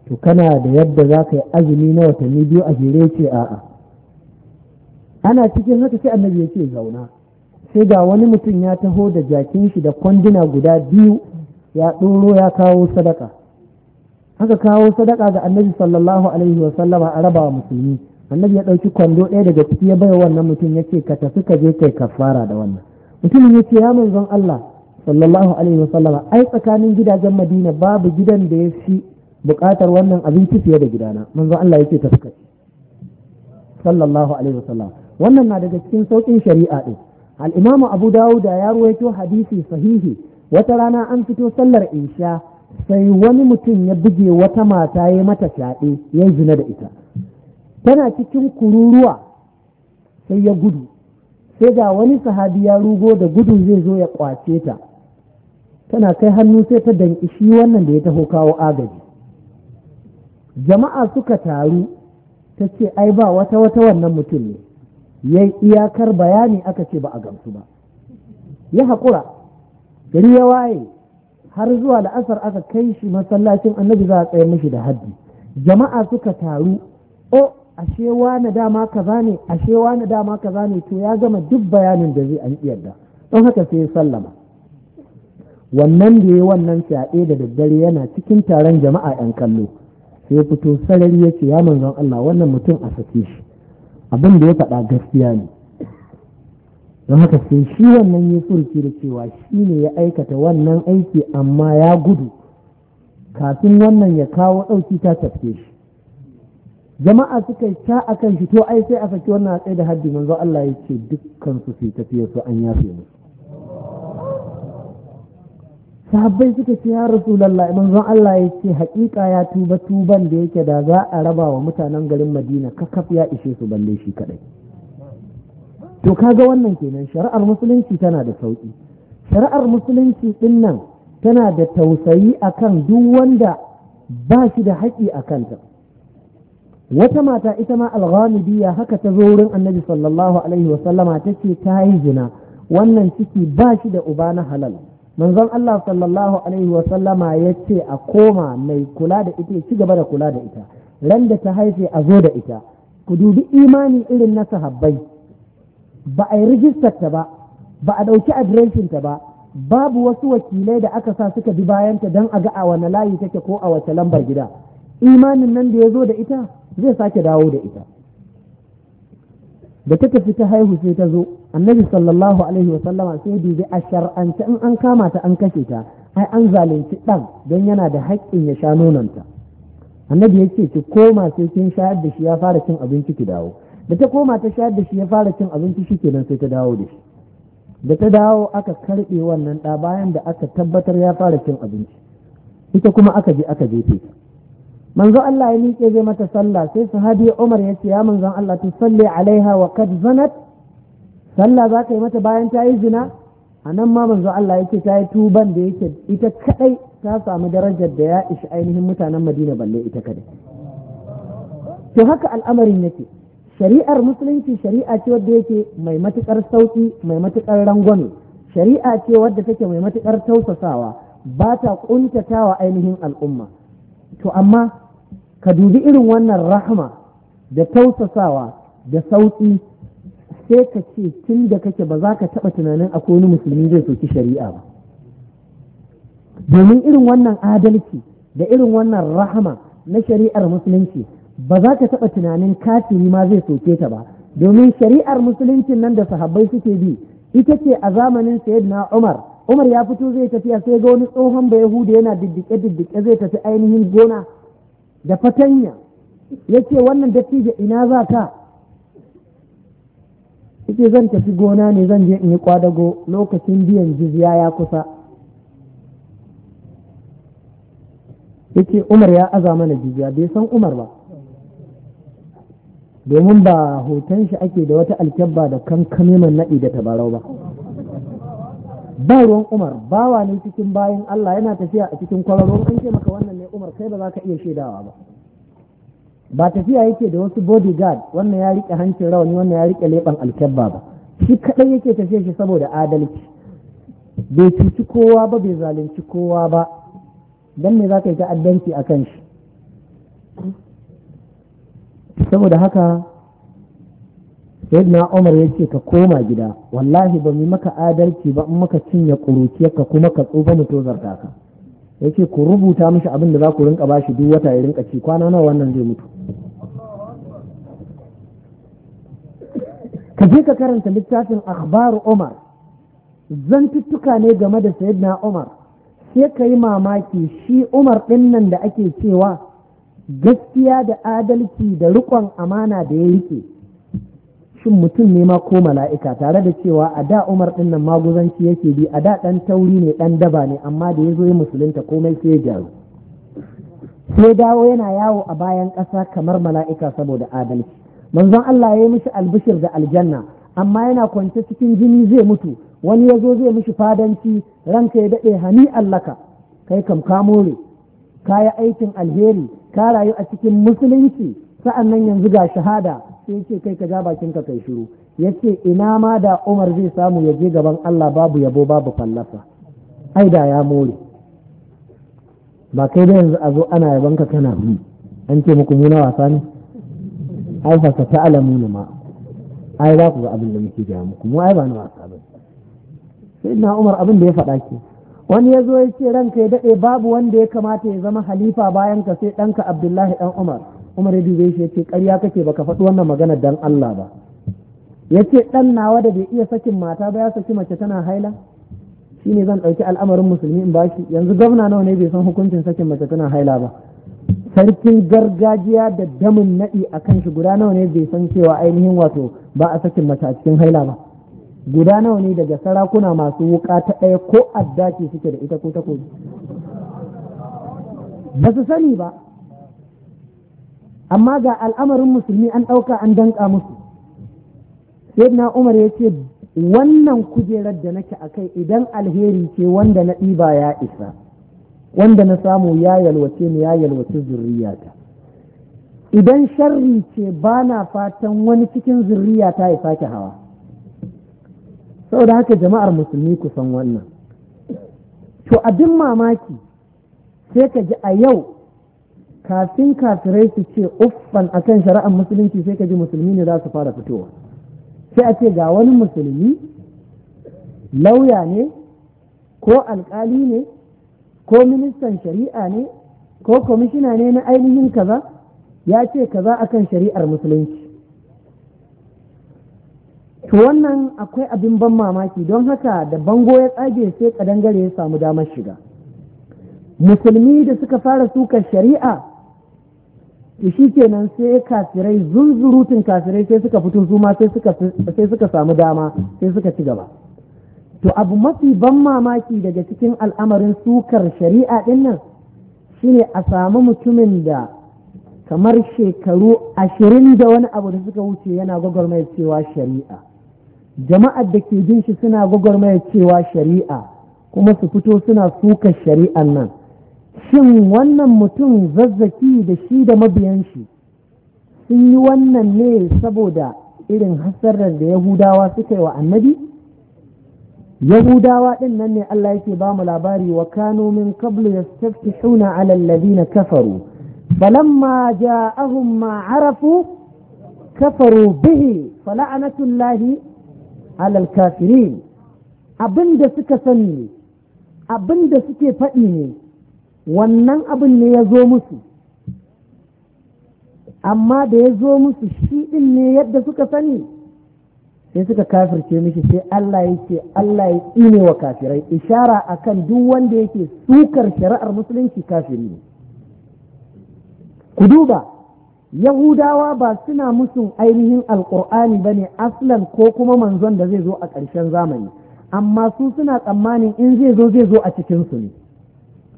to kana da yadda zaka yi azumi na watanni biyu a jere yace a'a ana cikin haka sai annabi ya ce zauna sai ga wani mutum ya taho da jakin shi da kwanduna guda biyu ya ɗoro ya kawo sadaka haka kawo sadaka ga annabi sallallahu alaihi wa sallama a rabawa musulmi annabi ya ɗauki kwando ɗaya daga ciki ya bai wannan mutum ya ce ka tafi ka je kai kafara da wannan mutumin ya ce ya manzon Allah sallallahu alaihi wasallama ai tsakanin gidajen Madina babu gidan da ya fi buƙatar wannan abinci fiye da gidana manzon Allah ya ce tafi ka sallallahu alaihi wannan na daga cikin sauƙin shari'a ɗin al-Imam Abu Dawud ya ruwaito hadisi sahihi wata rana an fito sallar insha sai wani mutum ya buge wata mata ya mata fyaɗe ya zina da ita tana cikin kururuwa sai ya gudu sai ga wani sahabi ya rugo da gudu zai zo ya kwace ta tana kai hannu sai ta danki shi wannan da ya taho kawo agaji jama'a suka taru ta ce ai ba wata wata wannan mutum ne ya iyakar bayani aka ce ba a gamsu ba ya haƙura gari ya waye har zuwa la'asar aka kai shi masallacin annabi za a tsaye mashi da haddi jama'a suka taru o oh, ashe wani dama kaza ne ashe wani dama kaza ne to ya gama duk bayanin da zai an yarda don haka sai ya sallama wannan da ya wannan fyaɗe da daddare yana cikin taron jama'a 'yan kallo sai fito sarari ya ce ya manzon Allah wannan mutum a sake shi abin da ya faɗa gaskiya ne don haka sai shi wannan ya furki da cewa shi ne ya aikata wannan aiki amma ya gudu kafin wannan ya kawo ɗauki ta tafke shi jama'a suka sha a kan shi to ai sai a saki wannan a da haddi manzo Allah ya ce dukkan su su tafiya su an yafe musu sahabbai suka ce ya rasulullahi manzo Allah ya ce haƙiƙa ya tuba tuban da yake da za a raba wa mutanen garin Madina kakaf ya ishe su balle shi kadai to kaga wannan kenan shari'ar musulunci tana da sauki shari'ar musulunci din nan tana da tausayi akan duk wanda ba shi da haƙi a kanta wata mata ita ma alghamidiya haka ta zo wurin annabi sallallahu alaihi wasallama ta ce ta yi zina wannan ciki ba shi da uba na halal manzon Allah sallallahu alaihi wasallama ya ce a koma mai kula da ita ci gaba da kula da ita ran da ta haife a zo da ita ku dubi imani irin na sahabbai ba a yi rijistar ta ba ba a ɗauki adireshin ta ba babu wasu wakilai da aka sa suka bi bayanta don a ga a wane layi take ko a wace lambar gida imanin nan da ya zo da ita zai sake dawo da ita da ta tafi ta haihu sai ta zo annabi sallallahu alaihi wa sallama sai dubi a shar'ance in an kama ta an kashe ta ai an zalunci ɗan don yana da haƙƙin ya sha nonanta annabi ya ce ki koma sai kin shayar da shi ya fara cin abinci ki dawo da ta koma ta shayar da shi ya fara cin abinci shi nan sai ta dawo da shi da ta dawo aka karɓe wannan ɗa bayan da aka tabbatar ya fara cin abinci ita kuma aka je aka jefe ta manzo Allah ya miƙe zai mata sallah sai sahabi Umar ya ce ya manzon Allah tu salli alaiha wa kad zanat sallah za ka yi mata bayan ta yi zina a nan ma manzo Allah yake ta yi tuban da yake ita kadai ta samu darajar da ya ishi ainihin mutanen Madina balle ita kadai to haka al'amarin yake shari'ar musulunci shari'a ce wadda yake mai matukar sauki mai matukar rangwame shari'a ce wadda take mai matukar tausasawa ba ta kuntatawa ainihin al'umma to amma ka dubi irin wannan rahama da tausasawa da sauƙi sai ka ce tun da kake ba za ka taɓa tunanin akwai wani musulmi zai soki shari'a ba domin irin wannan adalci da irin wannan rahama na shari'ar musulunci ba za ka taɓa tunanin kafiri ma zai soke ta ba domin shari'ar musuluncin nan da sahabbai suke bi ita ce a zamanin na umar umar ya fito zai tafiya sai ga wani tsohon ba yahuda yana diddike diddike zai tafi ainihin gona da fatanya ya ce wannan dattijo ina za ka ce zan tafi gona ne zan je in yi kwadago lokacin biyan jizya ya kusa ya ce umar ya aza mana jizya bai san umar ba domin ba hoton shi ake da wata alkyabba da kankame man naɗi da tabarau ba ba ruwan umar bawa ne cikin bayan Allah yana tafiya a cikin kwararo an ce maka wannan ne umar kai ba za ka iya shaidawa ba ba tafiya yake da wasu bodyguard wannan ya rike hancin rawani wannan ya rike leban alkebba ba shi kaɗai yake tafiya shi saboda adalci bai cuci kowa ba bai zalunci kowa ba dan me za ka yi ta'addanci a kan shi saboda haka na umar ya ce ka koma gida wallahi ba mu maka adalci ba in maka cinye ƙuruciyarka kuma ka tsufa mu tozarta ka ya ce ku rubuta mishi abin da za ku rinka bashi duk wata ya rinka ci kwana nawa wannan zai mutu ka je ka karanta littafin akhbaru umar zantuttuka ne game da sayyidina umar sai ka yi mamaki shi umar ɗin nan da ake cewa gaskiya da adalci da riƙon amana da ya rike shin mutum ne ma ko mala'ika tare da cewa a da umar ɗin maguzanci yake bi a da ɗan tauri ne ɗan daba ne amma da ya zo ya musulunta komai sai ya gyaru sai dawo yana yawo a bayan ƙasa kamar mala'ika saboda adalci manzon Allah ya yi mishi albishir da aljanna amma yana kwance cikin jini zai mutu wani ya zo zai mishi fadanci ranka ya daɗe hani allaka kai kam ka more ka yi aikin alheri ka rayu a cikin musulunci sa'an nan yanzu ga shahada sai ce kai ka ja bakin ka kai shiru yace ina ma da Umar zai samu ya je gaban Allah babu yabo babu fallasa ai da ya more ba kai da yanzu a zo ana yaban ka kana an ce muku muna wasa ne ai fa ta alamu ma ai za ku ga abin da muke ga muku mu ai ba ni wasa ba sai na Umar abin da ya faɗa ke wani ya zo ya ce ranka ya daɗe babu wanda ya kamata ya zama halifa bayan ka sai ɗanka Abdullahi ɗan Umar umar ya dube shi ya ce ƙarya kake baka faɗi wannan magana dan Allah ba ya ce ɗan nawa da bai iya sakin mata ba ya saki mace tana haila shi ne zan ɗauki al'amarin musulmi in bashi yanzu gwamna nawa ne bai san hukuncin sakin mace tana haila ba sarkin gargajiya da damin naɗi a kan shi guda nawa ne bai san cewa ainihin wato ba a sakin mace a cikin haila ba guda nawa ne daga sarakuna masu wuƙa ta ɗaya ko addaci suke da ita ko takobi ba su sani ba amma ga al'amarin musulmi an ɗauka an danƙa musu yadda umar ya ce wannan kujerar da nake a kai idan alheri ce wanda na ɗiba ya isa wanda na samu ya yalwace ni ya yalwace zurriyata idan sharri ce ba na fatan wani cikin zurriyata ya sake hawa saboda haka jama'ar musulmi kusan wannan to abin mamaki sai ka ji a yau kafin kafirai su ce uffan a kan shari'ar musulunci sai ka ji musulmi ne za su fara fitowa sai a ce ga wani musulmi lauya ne ko alkali ne ko ministan shari'a ne ko kwamishina ne na ainihin kaza ya ce kaza kan shari'ar musulunci to wannan akwai abin ban mamaki don haka da bango ya tsage sai kadangare ya samu damar shiga musulmi da suka fara sukar shari'a shi kenan sai kafirai zunzurutun kafirai sai suka fito su sai suka samu dama sai suka ci gaba to abu mafi ban mamaki daga cikin al'amarin sukar shari'a din nan shine a sami mutumin da kamar shekaru ashirin da wani abu da suka wuce yana gwagwarmaya cewa shari'a jama'ar da ke jin shi suna gwagwarmaya cewa shari'a kuma su fito suna sukar shari'an nan shin wannan mutum zazzaki da shi da mabiyan shi sun yi wannan ne saboda irin hasarar da yahudawa suka yi wa annabi yahudawa ɗin nan ne Allah yake ba mu labari wa kanu min qablu yastaftihuna ala alladhina kafaru falamma ja'ahum ma arafu kafaru bihi fala'anatullahi ala alkafirin abinda suka sani abinda suke faɗi ne wannan abin ne ya zo musu amma da ya zo musu shi ɗin ne yadda suka sani sai suka kafirce mishi sai Allah ya ce Allah ya tsine wa kafirai ishara akan duk wanda yake sukar shari'ar musulunci kafiri ne ku duba yahudawa ba suna musu ainihin Alƙur'ani ba ne aslan ko kuma manzon da zai zo a ƙarshen zamani amma su suna tsammanin in zai zo zai zo a cikinsu ne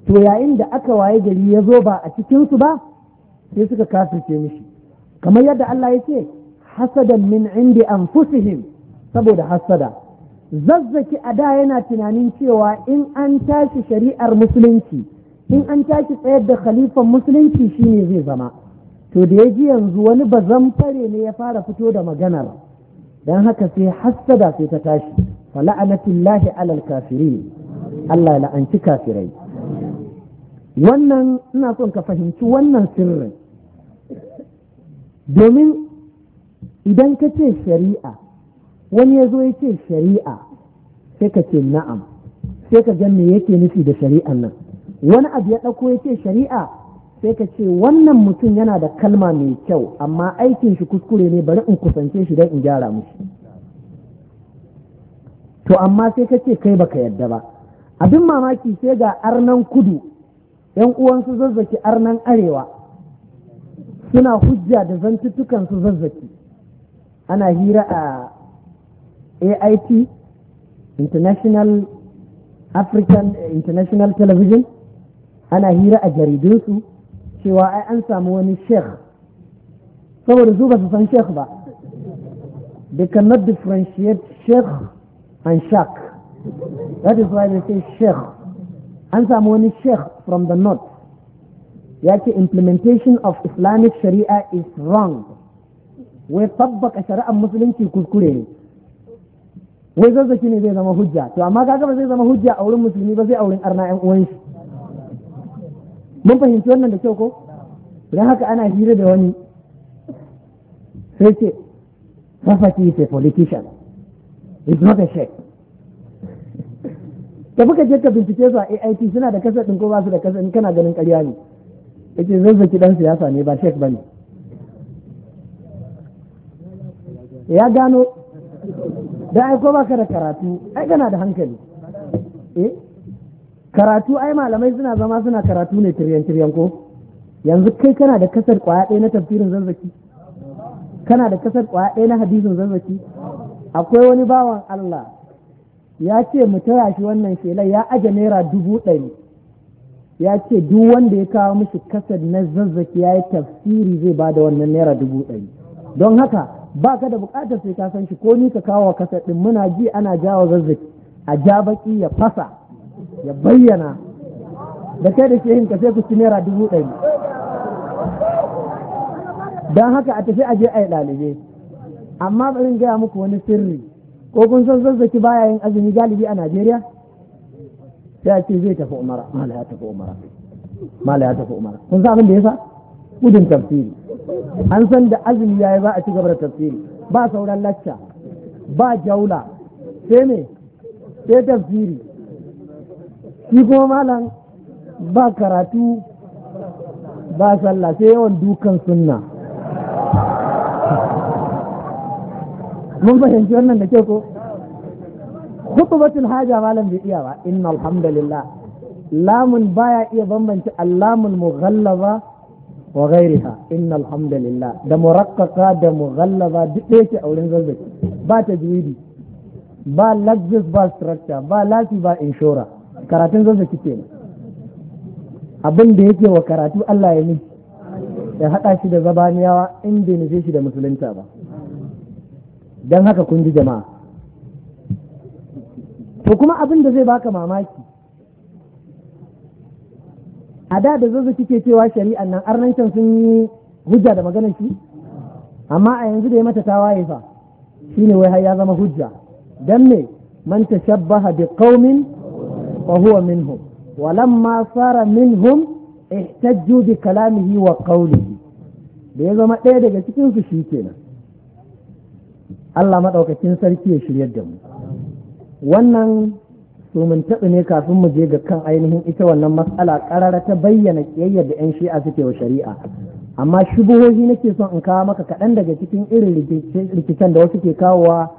to yayin da aka waye gari ya zo ba a cikinsu ba sai suka kafirce mishi kamar yadda Allah ya ce hasadan min indi anfusihim saboda hasada zazzaki a da yana tunanin cewa in an tashi shari'ar musulunci in an tashi tsayar da khalifan musulunci shine zai zama to da ya ji yanzu wani bazan fare ne ya fara fito da maganar don haka sai hassada sai ta tashi fala'anatillahi alal kafirin Allah la'anci kafirai wannan ina son ka fahimci wannan sirrin domin idan ka ce shari'a wani ya zo ya ce shari'a sai ka ce na'am sai ka gan me yake nufi da shari'ar nan wani abu ya ɗauko ya ce shari'a sai ka ce wannan mutum yana da kalma mai kyau amma aikin shi kuskure ne bari in kusance shi don in gyara mushi to amma sai ka ce kai baka yadda ba abin mamaki sai ga arnan kudu ‘yan uwansu zazzaki arnan arewa suna hujja da zantuttukansu zazzaki ana hira a AIT International African eh, International Television ana hira a jaridunsu cewa ai an samu wani sheikh saboda su ba su san sheikh ba they cannot differentiate sheikh and shark that is why they say sheikh an samu wani sheikh from the north ya ce implementation of islamic sharia is wrong wai tabbaka shari'ar musulunci kuskure ne wai zazzaki ne zai zama hujja to amma kaga ba zai zama hujja a wurin musulmi ba zai a wurin arna yan uwan mun fahimci wannan da kyau ko don haka ana hira da wani sai ce prophecy is a politician Is not a sheikh da muka je ka bincike su a AIT suna da kasar din ko ba su da kasar kana ganin ƙarya ne yace zazzaki dan siyasa ne ba shek bane ya gano da ai ko baka da karatu ai kana da hankali eh karatu ai malamai suna zama suna karatu ne tiryan tiryan ko yanzu kai kana da kasar kwaya ɗaya na tafsirin zazzaki kana da kasar kwaya ɗaya na hadisin zazzaki akwai wani bawan Allah ya ce mu taya shi wannan shelar ya aje naira dubu ɗari ya ce duk wanda ya kawo mishi kasar na zazzaki ya yi tafsiri zai ba da wannan naira dubu ɗari don haka ba ka da buƙatar sai ka san shi ko ni ka kawo kasar ɗin muna ji ana jawo zazzaki a ja baki ya fasa ya bayyana da kai da ke ka sai ku ci naira dubu ɗari don haka a tafi aje a yi ɗalibai amma bari gaya muku wani sirri ko kun san zazzaki baya yin azumi galibi a Najeriya sai a ce zai tafi umara mala ya tafi umara mala ya tafi umara kun san abin da yasa gudun tafsiri an san da azumi yayi za a ci gaba da tafsiri ba sauran lacca ba jaula sai me sai tafsiri shi kuma malam ba karatu ba sallah sai yawan dukan sunna mun fahimci wannan da ke ko hutubatul haja malam bai iya ba inna alhamdulillah lamun baya iya bambance allamul mughallaba wa ghairiha inna alhamdulillah da muraqqaqa da mughallaba duk da yake a wurin ba ta juwidi ba laxus ba structure ba lati ba inshora karatun zazzaki ke abin da yake wa karatu Allah ya miki ya haɗa shi da zabaniyawa in bai nufe shi da musulunta ba don haka kun ji jama'a to kuma abin da zai baka mamaki a da da zo kike cewa shari'an nan arnancan sun yi hujja da maganar shi amma a yanzu da ya mata tawaye fa shine wai har ya zama hujja dan me man tashabbaha bi qaumin fa huwa minhum wa lamma sara minhum ihtajju bi kalamihi wa qawlihi da ya zama ɗaya daga cikin su kenan Allah maɗaukakin sarki ya shiryar da mu wannan su mun taɓa ne kafin mu je ga kan ainihin ita wannan matsala ƙarara ta bayyana ƙiyayyar da 'yan shi'a suke wa shari'a amma shubuhohi nake son in kawo maka kaɗan daga cikin irin rikicen da wasu ke kawowa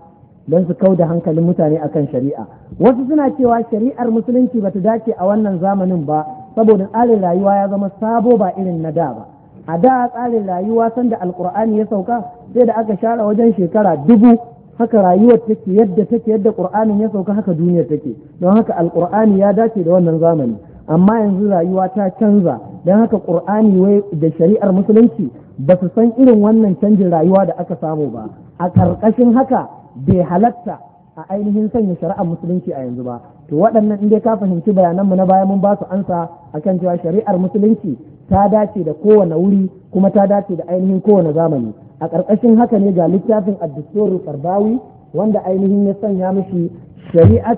don su kau da hankalin mutane akan shari'a wasu suna cewa shari'ar musulunci bata dace a wannan zamanin ba saboda tsarin rayuwa ya zama sabo ba irin na da ba a da tsarin rayuwa sanda alkur'ani ya sauka sai da aka share wajen shekara dubu haka rayuwar take yadda take yadda qur'anin ya sauka haka duniyar take don haka alkur'ani ya dace da wannan zamani amma yanzu rayuwa ta canza don haka qur'ani wai da shari'ar musulunci ba su san irin wannan canjin rayuwa da aka samu ba a ƙarƙashin haka bai halatta a ainihin sanya shari'ar musulunci a yanzu ba to waɗannan in dai ka fahimci bayananmu na baya mun ba su ansa akan cewa shari'ar musulunci ta dace da kowane wuri kuma ta dace da ainihin kowane zamani a ƙarƙashin haka ne ga littafin addistori farbawi wanda ainihin ya sanya mishi eh,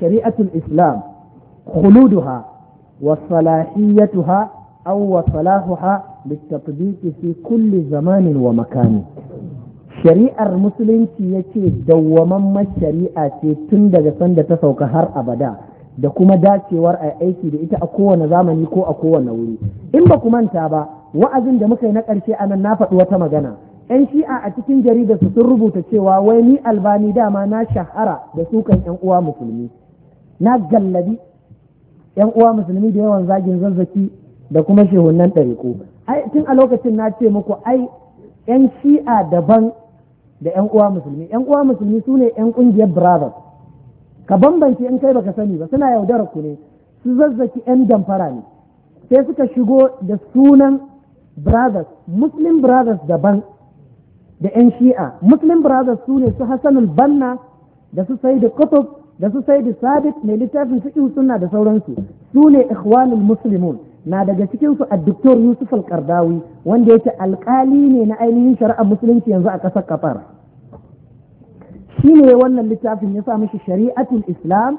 shari'atul islam khuluduha wa salahiyatuha aw wa salahuha litatbiqi fi kulli zamanin wa makani shari'ar musulunci yace dawwamamman shari'a ce tun daga sanda ta sauka har abada da kuma dacewar a aiki da ita a kowane zamani ko a kowane wuri in ba ku manta ba wa'azin da muka yi na ƙarshe a nan na faɗi wata magana yan shi'a a cikin jarida su sun rubuta cewa wai ni albani dama na shahara da sukan yan uwa musulmi na gallabi yan uwa musulmi da yawan zagin zazzaki da kuma shehunan ɗariƙo ai tun a lokacin na ce muku ai yan shi'a daban da yan uwa musulmi yan uwa musulmi su ne yan ƙungiyar brothers ka bambance in kai baka sani ba suna yaudarar ku ne su zazzaki yan damfara ne sai suka shigo da sunan brothers muslim brothers daban da yan shi'a muslim brothers su ne su hassanul banna da su sai da kutub da su sai da sabit mai littafin su suna da sauransu su ne ikhwanul muslimun na daga cikinsu a doktor yusuf al-kardawi wanda yake alkali ne na ainihin shari'ar musulunci yanzu a ƙasar kafar shi ne wannan littafin ya sa mishi shari'atul islam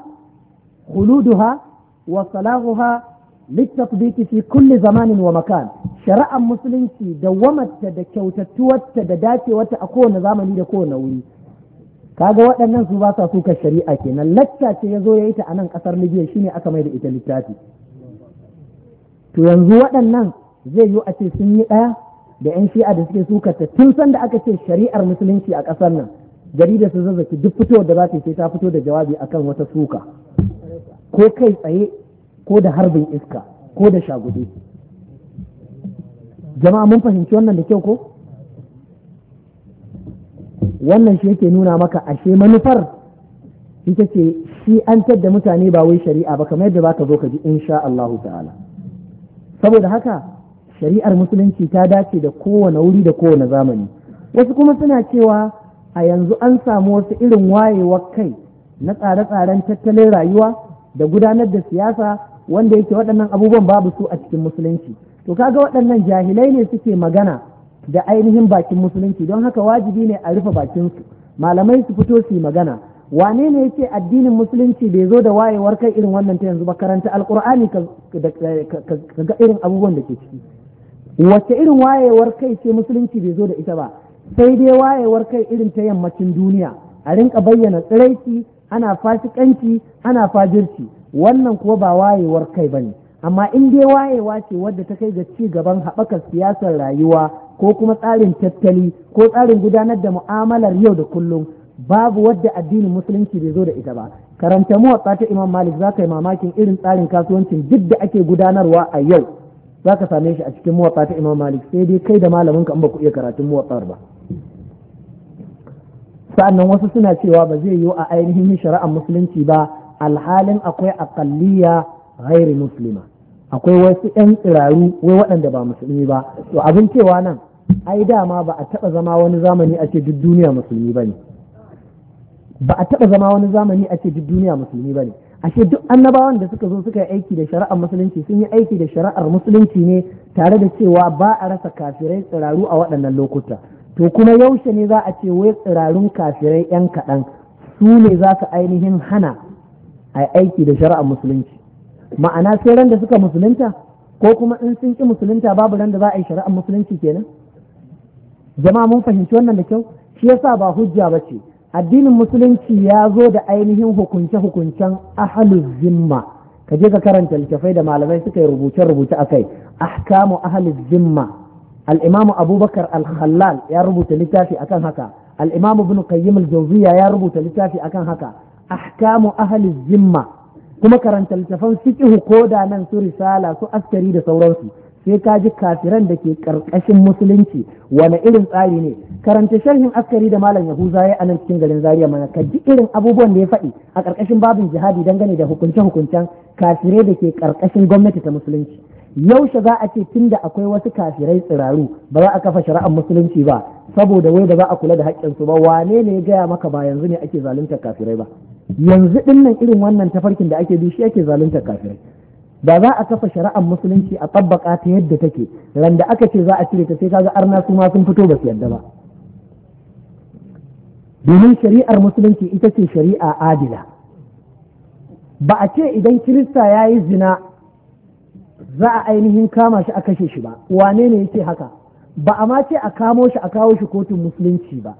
huluduha wa salahuha littafi fi kulli zamanin wa makan shari'ar musulunci da wamarta da kyautattuwarta da dacewarta a kowane zamani da kowane wuri kaga waɗannan su ba sa suka shari'a kenan lacca ce ya zo ya yi ta a nan ƙasar libya shine aka mai da ita littafi to yanzu waɗannan zai yi a ce sun yi ɗaya da 'yan shi'a da suke sukata tun sanda aka ce shari'ar musulunci a ƙasar nan jaridar su zazzaki duk fitowar da za ta yi sai ta fito da jawabi akan wata suka ko kai tsaye ko da harbin iska ko da shagude jama'a mun fahimci wannan da kyau ko wannan shi yake nuna maka ashe manufar ita ce shi an da mutane ba wai shari'a ba kamar yadda baka zo ka ji insha Allah ta'ala saboda haka shari'ar musulunci ta dace da kowane wuri da kowane zamani wasu kuma suna cewa a yanzu an samu wasu irin wayewa kai na tsare-tsaren tattalin rayuwa da gudanar da siyasa wanda yake waɗannan abubuwan babu su a cikin musulunci to kaga waɗannan jahilai ne suke magana da ainihin bakin musulunci don haka wajibi ne a rufe bakinsu malamai su fito su yi magana wane ne yake addinin musulunci bai zo da wayewar kai irin wannan ta yanzu ba karanta alkur'ani ka ga irin abubuwan da ke ciki wacce irin wayewar kai ce musulunci bai zo da ita ba sai dai wayewar kai irin ta yammacin duniya a rinka bayyana tsiraici ana fasikanci ana fajirci wannan kuwa ba wayewar kai ba ne. amma in dai wayewa ce wadda ta kai ga ci gaban haɓakar siyasar rayuwa ko kuma tsarin tattali ko tsarin gudanar da mu'amalar yau da kullum babu wadda addinin musulunci bai zo da ita ba karanta muwatsa ta imam malik za ka yi mamakin irin tsarin kasuwancin duk da ake gudanarwa a yau za ka same shi a cikin muwatsa ta imam malik sai dai kai da malaminka in ba ku iya karatun muwatsar ba sannan wasu suna cewa ba zai yiwu a ainihin shari'ar musulunci ba alhalin akwai aƙalliya ghairi muslima akwai wasu 'yan tsiraru wai waɗanda ba musulmi ba to abin cewa nan ai dama ba a taɓa zama wani zamani a ce duk duniya musulmi ba ne ba a taɓa zama wani zamani a ce duk duniya musulmi ba ne ashe duk annabawan da suka zo suka yi aiki da shari'ar musulunci sun yi aiki da shari'ar musulunci ne tare da cewa ba a rasa kafirai tsiraru a waɗannan lokuta to kuma yaushe ne za a ce wai tsirarun kafirai 'yan kaɗan su ne za su ainihin hana a aiki da shari'ar musulunci ma'ana sai ran da suka musulunta ko kuma in sun ƙi musulunta babu ran da za a yi shari'ar musulunci kenan jama'a mun fahimci wannan da kyau shi yasa ba hujja ba ce addinin musulunci ya zo da ainihin hukunce-hukuncen ahalus zimma ka je ka karanta littafai da malamai suka yi rubuce-rubuce a kai ahkamu ahalus zimma Al'imamu abubakar al ya rubuta littafi akan haka al-imamu ibn qayyim al ya rubuta littafi akan haka ahkamu ahli zimma kuma karanta littafan fiqh ko da nan su risala su askari da sauransu sai ka ji kafiran da ke karkashin musulunci wani irin tsari ne karanta sharhin askari da malam yahuza ya yi anan cikin garin Zariya mana ka ji irin abubuwan da ya faɗi a karkashin babin jihadi dangane da hukunce hukuncen kafirai da ke ƙarƙashin gwamnati ta musulunci yaushe za a ce tun da akwai wasu kafirai tsiraru ba za a kafa shari'ar musulunci ba saboda wai da za a kula da haƙƙinsu ba wane ne ya gaya maka ba yanzu ne ake zalunta kafirai ba yanzu dinnan irin wannan tafarkin da ake bi shi ake zalunta kafirai Ba za a kafa shari'ar musulunci a tabbaka ta yadda take randa aka ce za a cire ta sai kaga arna su ma sun fito ba su yadda ba domin shari'ar musulunci ita ce shari'a adila ba a ce idan kirista ya yi zina za a ainihin kama shi a kashe shi ba wane ne yake haka ba a ma ce a kamo shi a kawo shi kotun musulunci ba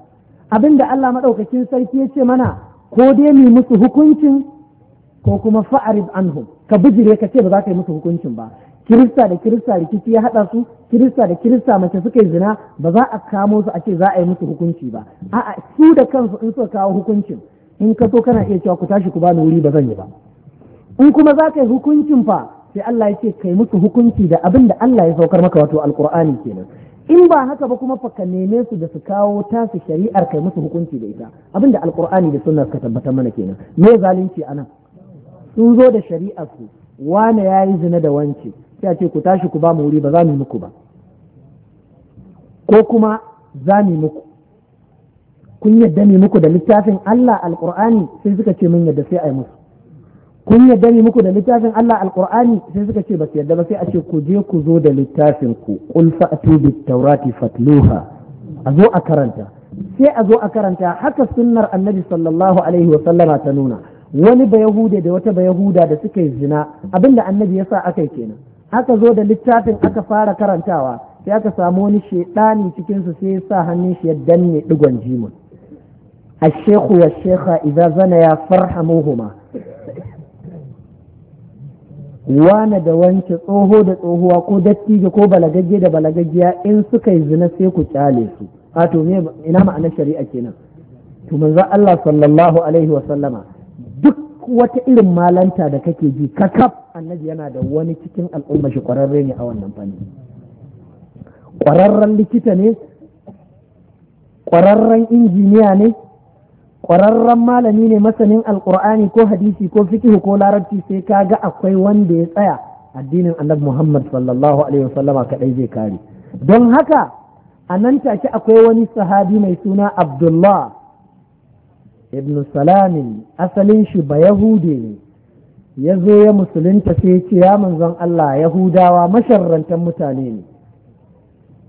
abinda Allah madaukakin sarki ya ce mana ko dai mu musu hukuncin ko kuma fa'arib anhum ka bijire ka ce ba za ka yi musu hukuncin ba kirista da kirista rikici ya haɗa su kirista da kirista mace suka yi zina ba za a kamo su a ce za a yi musu hukunci ba a'a su da kansu in suka kawo hukuncin in ka so kana iya cewa ku tashi ku bani wuri ba zan yi ba in kuma za ka yi hukuncin fa sai Allah ya ce kai musu hukunci da abin da Allah ya saukar maka wato alkur'ani kenan in ba haka ba kuma ka neme su da su kawo tasu shari'ar kai musu hukunci da ita abin da da sunna suka tabbatar mana kenan me zalunci anan sun zo da shari'ar su wane yayi zina da wance sai a ce ku tashi ku ba mu wuri ba za mu muku ba ko kuma za mu muku kun yadda ne muku da littafin Allah alkur'ani sai suka ce mun yadda sai ai musu kun yadda ne muku da littafin Allah Alƙur'ani sai suka ce ba su yadda ba sai a ce ku je ku zo da littafin ku qul fa'tu bit tawrati fatluha a zo a karanta sai a zo a karanta haka sunnar annabi sallallahu alaihi wa sallama ta nuna wani ba da wata ba yahuda da suka yi zina abinda annabi ya sa aka yi kenan aka zo da littafin aka fara karantawa sai aka samu wani shedani cikin su sai ya sa hannun shi ya danne digon jimin الشيخ والشيخة إذا زنيا فارحموهما wane da wanke tsoho da tsohuwa ko dattijo ko balagagge da balagaggiya in suka yi zina sai ku kyale su a to me ina ma'anar shari'a kenan to manzo Allah sallallahu alaihi wa sallama duk wata irin malanta da kake ji kakaf annabi yana da wani cikin al'umma shi kwararre ne a wannan fanni kwararren likita ne kwararren injiniya ne ƙwararren malami ne masanin alƙur'ani ko hadisi ko fikihu ko larabci sai ka ga akwai wanda ya tsaya addinin annabi muhammad sallallahu alaihi wasallama kaɗai zai kare don haka a nan take akwai wani sahabi mai suna abdullah ibn salamin asalin shi ba yahude ne ya zo ya musulunta sai ce ya manzon allah yahudawa masharrantan mutane ne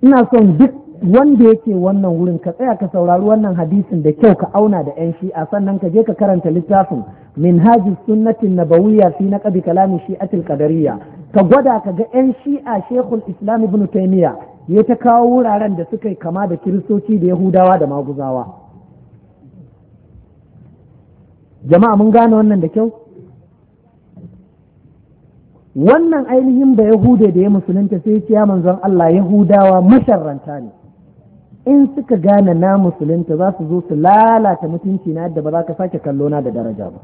ina son duk wanda yake wannan wurin ka tsaya ka saurari wannan hadisin da kyau ka auna da yan shi'a sannan ka je ka karanta littafin minhajus sunnatin nabawiyya fi na naqdi kalami shi'atil ƙadariya, ka gwada ka ga yan shi'a shekul islam ibn taimiyya ya ta kawo wuraren da suka kama da kiristoci da yahudawa da maguzawa jama'a mun gane wannan da kyau wannan ainihin da yahude da ya musulunta sai ya manzon Allah yahudawa masharranta ne in suka gane na musulunta za su zo su lalata mutunci na yadda ba za ka sake kallo na da daraja ba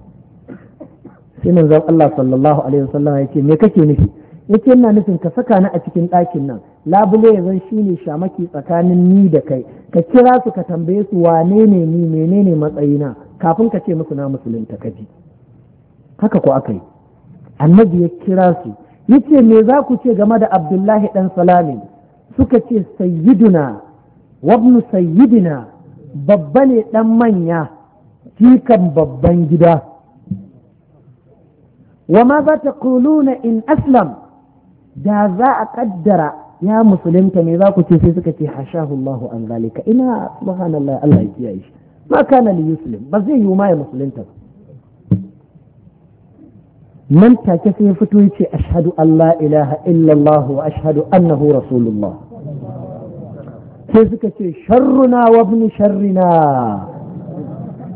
sai manzon Allah sallallahu alaihi wasallam yake me kake nufi yake ina nufin ka saka ni a cikin ɗakin nan labule ya zan shine shamaki tsakanin ni da kai ka kira su ka tambaye su wane ne ni menene na kafin ka ce musu na musulunta kaji haka ko aka yi annabi ya kira su yace me za ku ce game da Abdullahi ɗan Salami suka ce sayyiduna wabnu sayyidina babba ne ɗan manya cikan babban gida wa ma za ta kuluna in aslam da za a ƙaddara ya musulunta ne za ku ce sai suka ce hashahu Allahu an zalika ina subhanallah Allah ya kiyaye shi ma kana li muslim ba zai yi ma ya musulunta ba nan take sai ya fito ya ce ashhadu an la ilaha illallah wa ashhadu annahu rasulullah sai suka ce sharruna wa ibn sharrina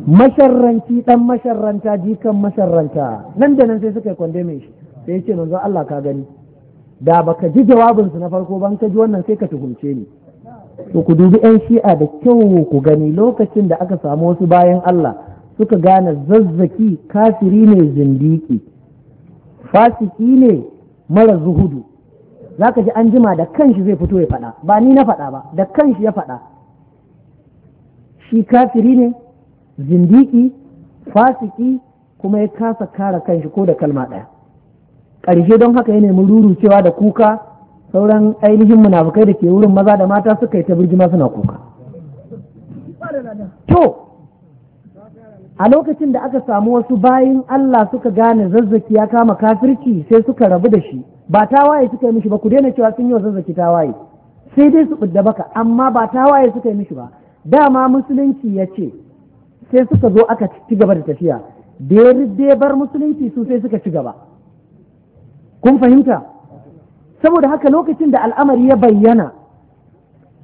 masharranci dan masharranta jikan masharranta nan da nan sai suka yi mai shi sai ya ce manzo Allah ka gani da baka ji jawabinsu na farko ban ka ji wannan sai ka tuhumce ni to ku dubi 'yan shi'a da kyau ku gani lokacin da aka samu wasu bayan Allah suka gane zazzaki kafiri ne zindiki fasiki ne mara zuhudu za ka ji an jima da kanshi zai fito ya faɗa ba ni na faɗa ba da kanshi ya faɗa shi kafiri ne zindiki fasiki kuma ya kasa kare kanshi ko da kalma ɗaya ƙarshe don haka ya nemi rurucewa da kuka sauran ainihin munafukai da ke wurin maza da mata suka yi ta birgima suna kuka to a lokacin da aka samu wasu bayin Allah suka gane zazzaki ya kama kafirci sai suka rabu da shi ba tawaye suka yi mishi ba ku daina cewa sun yi wa zazzaki tawaye sai dai su ɓudda baka amma ba tawaye suka yi mishi ba dama musulunci ya ce sai suka zo aka ci gaba da tafiya da ya bar musulunci su sai suka ci gaba kun fahimta saboda haka lokacin da al'amari ya bayyana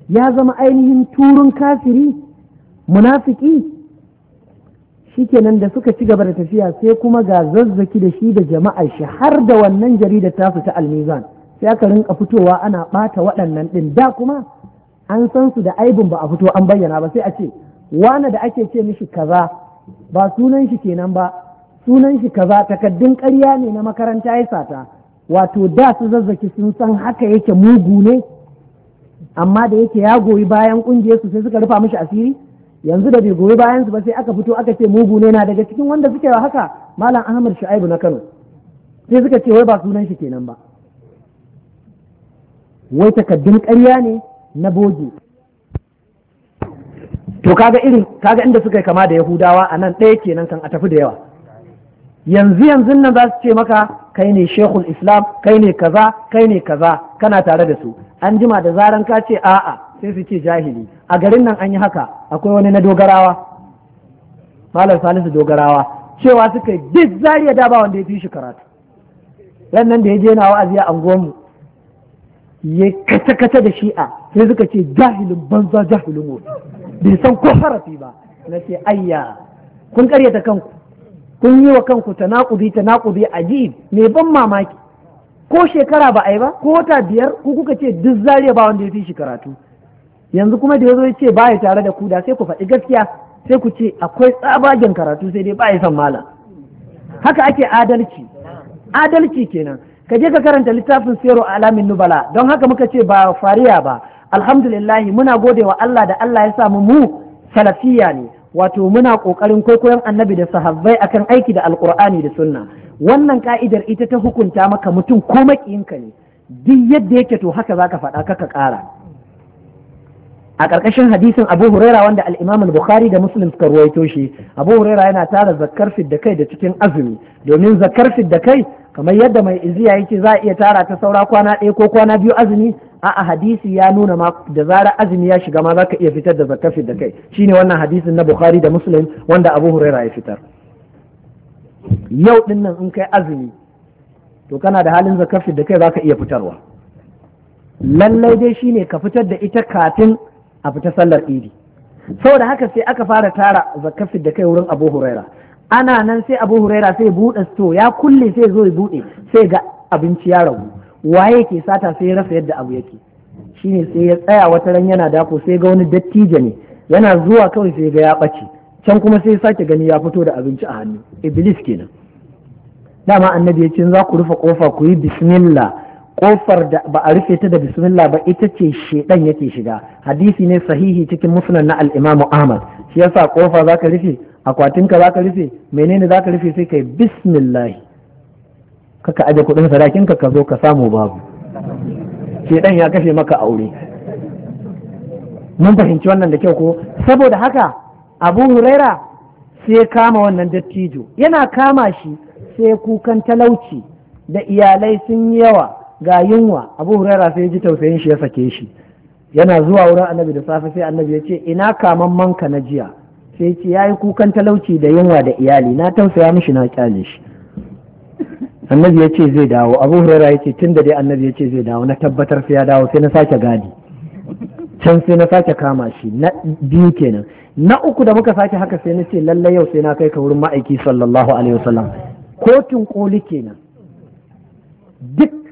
ya zama ainihin turun kafiri munafiki shikenan da suka ci gaba da tafiya sai kuma ga zazzaki da shi da jama'a shi har da wannan jaridar su ta almizan sai aka rinka fitowa ana ɓata waɗannan ɗin da kuma an san su da aibin ba a fito an bayyana ba sai a ce wane da ake ce mishi kaza ba sunan shi kenan ba sunan shi kaza takaddun karya ne na makaranta ya sata wato da su zazzaki sun san haka yake mugu ne amma da yake ya goyi bayan ƙungiyarsu sai suka rufa mishi asiri yanzu da bai gobe bayan su ba sai aka fito aka ce mugu ne na daga cikin wanda suke wa haka malam ahmad shu'aibu na kano sai suka ce wai ba sunan shi kenan ba wai takaddun ƙarya ne na boge to kaga irin kaga inda suka yi kama da yahudawa a nan ɗaya kenan kan a tafi da yawa yanzu yanzu nan za su ce maka kai ne shekul islam kai ne kaza kai ne kaza kana tare da su an jima da zaran ka ce a'a sai su ce jahili a garin nan an yi haka akwai wani na dogarawa malam salisu dogarawa cewa suka duk zariya da ba wanda ya fi shi karatu ran nan da ya je na wa'azi a anguwanmu ya kace kace da shi'a sai suka ce jahilin banza jahilin wofi bai san ko harafi ba na ce ayya kun karyata kanku kun yi wa kanku tanakudi tanakudi ajib mai ban mamaki ko shekara ba a yi ba ko wata biyar ko kuka ce duk zariya ba wanda ya fi shi karatu yanzu kuma da yazo yace baya tare da ku da sai ku faɗi gaskiya sai ku ce akwai tsabagen karatu sai dai baya son malam haka ake adalci adalci kenan ka je ka karanta littafin sero alamin nubala don haka muka ce ba fariya ba alhamdulillah muna gode wa Allah da Allah ya samu mu salafiya ne wato muna kokarin kwaikwayon annabi da sahabbai akan aiki da alkur'ani da sunna wannan ka'idar ita ta hukunta maka mutum ko makiyinka ne duk yadda yake to haka zaka faɗa kaka ƙara a ƙarƙashin hadisin abu huraira wanda al'imamul bukhari da muslim suka ruwaito shi abu huraira yana tara zakar da kai da cikin azumi domin zakar da kai kamar yadda mai iziya yake za a iya tara ta saura kwana ɗaya ko kwana biyu azumi a a hadisi ya nuna ma da zarar azumi ya shiga ma za ka iya fitar da zakar da kai shine wannan hadisin na bukhari da muslim wanda abu huraira ya fitar yau din nan in kai azumi to kana da halin zakar da kai za ka iya fitarwa lallai dai shine ka fitar da ita kafin a fita sallar idi saboda haka sai aka fara tara zakafi da kai wurin abu huraira ana nan sai abu huraira sai buɗe sto ya kulle sai zo ya buɗe sai ga abinci ya ragu waye ke sata sai ya rasa yadda abu yake shine sai ya tsaya wata ran yana dako sai ga wani dattijo ne yana zuwa kawai sai ga ya ɓace can kuma sai sake gani ya fito da abinci a hannu iblis kenan dama annabi ya ce za ku rufe kofa ku yi bismillah kofar da ba a rufe ta da bismillah ba ita ce shedan yake shiga hadisi ne sahihi cikin musnad na al-Imam Ahmad shi yasa kofa zaka rufe akwatinka zaka rufe menene zaka rufe sai kai bismillah kaka aje kudin sadakin ka zo ka samu babu shedan ya kashe maka aure mun fahimci wannan da kyau ko saboda haka Abu Huraira sai ya kama wannan dattijo yana kama shi sai kukan talauci da iyalai sun yi yawa ga yunwa abu huraira sai ji tausayin shi ya sake shi yana zuwa wurin annabi da safe sai annabi ya ce ina kaman manka na jiya sai ce ya yi kukan talauci da yunwa da iyali na tausaya mishi na kyale shi annabi ya ce zai dawo abu huraira ya ce tun da dai annabi ya ce zai dawo na tabbatar sai ya dawo sai na sake gadi can sai na sake kama shi na biyu kenan na uku da muka sake haka sai na ce lallai yau sai na kai ka wurin ma'aiki sallallahu alaihi wasallam kotun koli kenan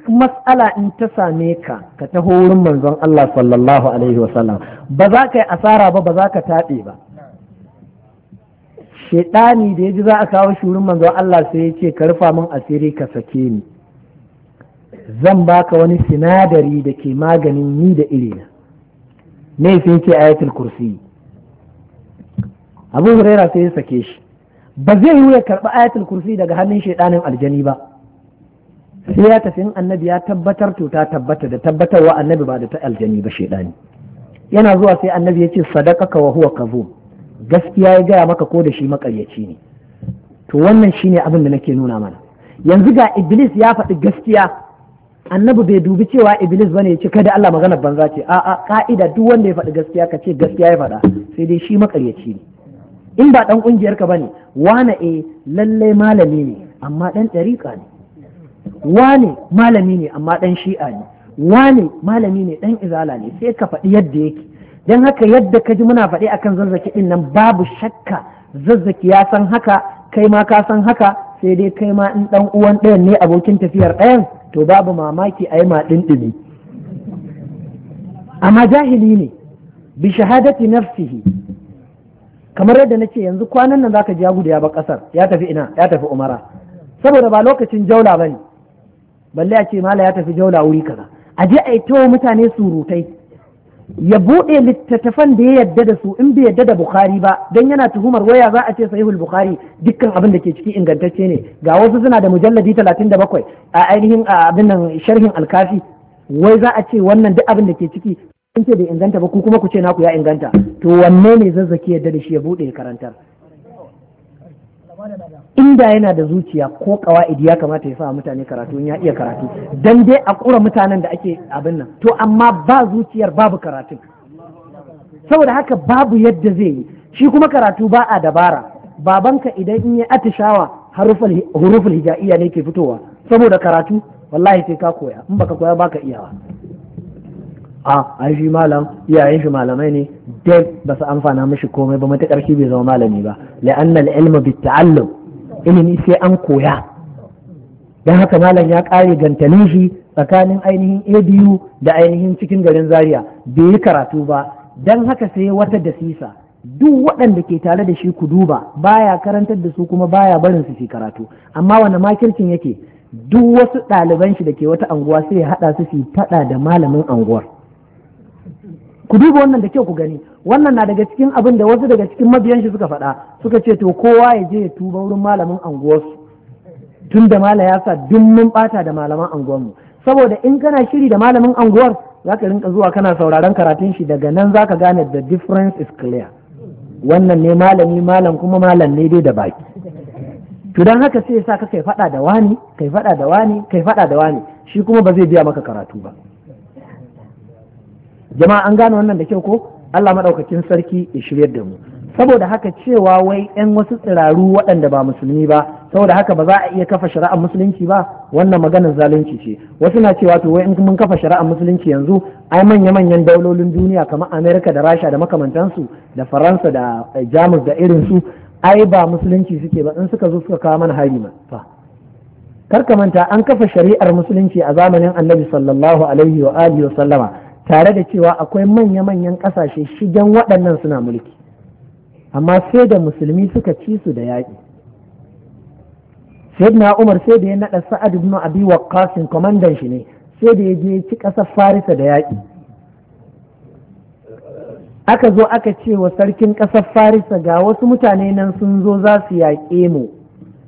matsala in ta same ka ka taho wurin manzon Allah sallallahu alaihi wasallam ba za ka yi asara ba ba za ka taɓe ba shaidani da ya ji za a kawo shi wurin manzon Allah sai ya ce ka rufa min asiri ka sake ni zan baka wani sinadari da ke maganin ni da irina ne sai ce ayatul kursi abu huraira sai ya sake shi ba zai yi ya karɓi ayatul kursi daga hannun shaidanin aljani ba sai ya tafi in annabi ya tabbatar to ta tabbata da tabbatarwa annabi ba da ta aljani ba shaidani yana zuwa sai annabi ya ce sadaqaka wa huwa kazum gaskiya ya gaya maka ko da shi makaryaci ne to wannan shine abin da nake nuna mana yanzu ga iblis ya faɗi gaskiya annabi bai dubi cewa iblis bane ya ce kada Allah magana banza ce a'a ka'ida duk wanda ya faɗi gaskiya ka ce gaskiya ya faɗa sai dai shi makaryaci ne in ba dan kungiyar ka bane wana eh lalle malami ne amma dan ɗariƙa ne wane malami ne amma ɗan shi'a ne wane malami ne ɗan izala ne sai ka faɗi yadda yake don haka yadda ka ji muna faɗi akan zazzaki ɗin nan babu shakka zazzaki ya san haka kai ma ka san haka sai dai kai ma in ɗan uwan ɗayan ne abokin tafiyar ɗayan to babu mamaki a yi ma ɗinɗini amma jahili ne bi shahadati nafsihi kamar yadda na ce yanzu kwanan nan zaka ji ya gudu ya ba ƙasar ya tafi ina ya tafi umara saboda ba lokacin jaula ba ne. balle a ce mala ya tafi jaula wuri kaza a je a yi tawo mutane surutai ya buɗe littattafan da ya yadda da su in bai yadda da bukhari ba don yana tuhumar waya za a ce sahihul bukhari dukkan abin da ke ciki ingantacce ne ga wasu suna da mujalladi talatin da bakwai a ainihin abin nan sharhin alkafi wai za a ce wannan duk abin da ke ciki in ce bai inganta ba ku kuma ku ce naku ya inganta to wanne ne zazzaki yadda da shi ya buɗe karantar inda yana da zuciya ko kawa'idi ya kamata ya sa mutane karatu ya iya karatu dan dai a kura mutanen da ake abin nan to amma ba zuciyar babu karatu saboda haka babu yadda zai yi shi kuma karatu ba a dabara babanka idan in yi atishawa harufin hijaiya ne ke fitowa saboda karatu wallahi sai ka koya in baka koya baka iyawa a ai shi malam iyayen shi malamai ne dai ba su amfana mishi komai ba matakar shi bai zama malami ba la'anna al-ilmu bit ta'allum ilimi sai an koya don haka malam ya ƙare gantalin shi tsakanin ainihin abu da ainihin cikin garin zaria bai yi karatu ba don haka sai wata da sisa duk waɗanda ke tare da shi ku duba baya karantar da su kuma baya barin su karatu amma wani makircin yake duk wasu ɗaliban shi da ke wata anguwa sai ya haɗa su su faɗa da malamin anguwar ku duba wannan da kyau ku gani wannan na daga cikin abin da wasu daga cikin mabiyan shi suka faɗa suka ce to kowa ya je ya tuba wurin malamin anguwarsu tun da mala ya sa duk mun bata da malaman mu saboda in kana shiri da malamin anguwar zaka rinka zuwa kana sauraron karatun shi daga nan zaka gane the difference is clear wannan ne malami malam kuma malam ne dai da baki to dan haka sai ya sa ka kai faɗa da wani kai faɗa da wani kai faɗa da wani shi kuma ba zai biya maka karatu ba jama'a an gane wannan da kyau ko Allah madaukakin sarki ya shiryar da mu saboda haka cewa wai yan wasu tsiraru waɗanda ba musulmi ba saboda haka ba za a iya kafa shari'ar musulunci ba wannan maganar zalunci ce wasu na cewa to wai in mun kafa shari'ar musulunci yanzu ai manya manyan daulolin duniya kamar Amerika da Rasha da makamantansu da Faransa da eh, Jamus da irin su ai ba musulunci suke ba in suka zo suka kawo mana hari ma fa karka manta an kafa shari'ar musulunci a zamanin annabi sallallahu alaihi wa alihi wa sallama tare da cewa akwai manya-manyan ƙasashe shigen waɗannan suna mulki amma sai da musulmi suka ci su da yaƙi na umar sai da ya naɗa sa'ad ibn abi waqqas kwamandan shi ne sai da ya je ci ƙasar farisa da yaƙi aka zo aka ce wa sarkin ƙasar farisa ga wasu mutane nan sun zo za su yaƙe mu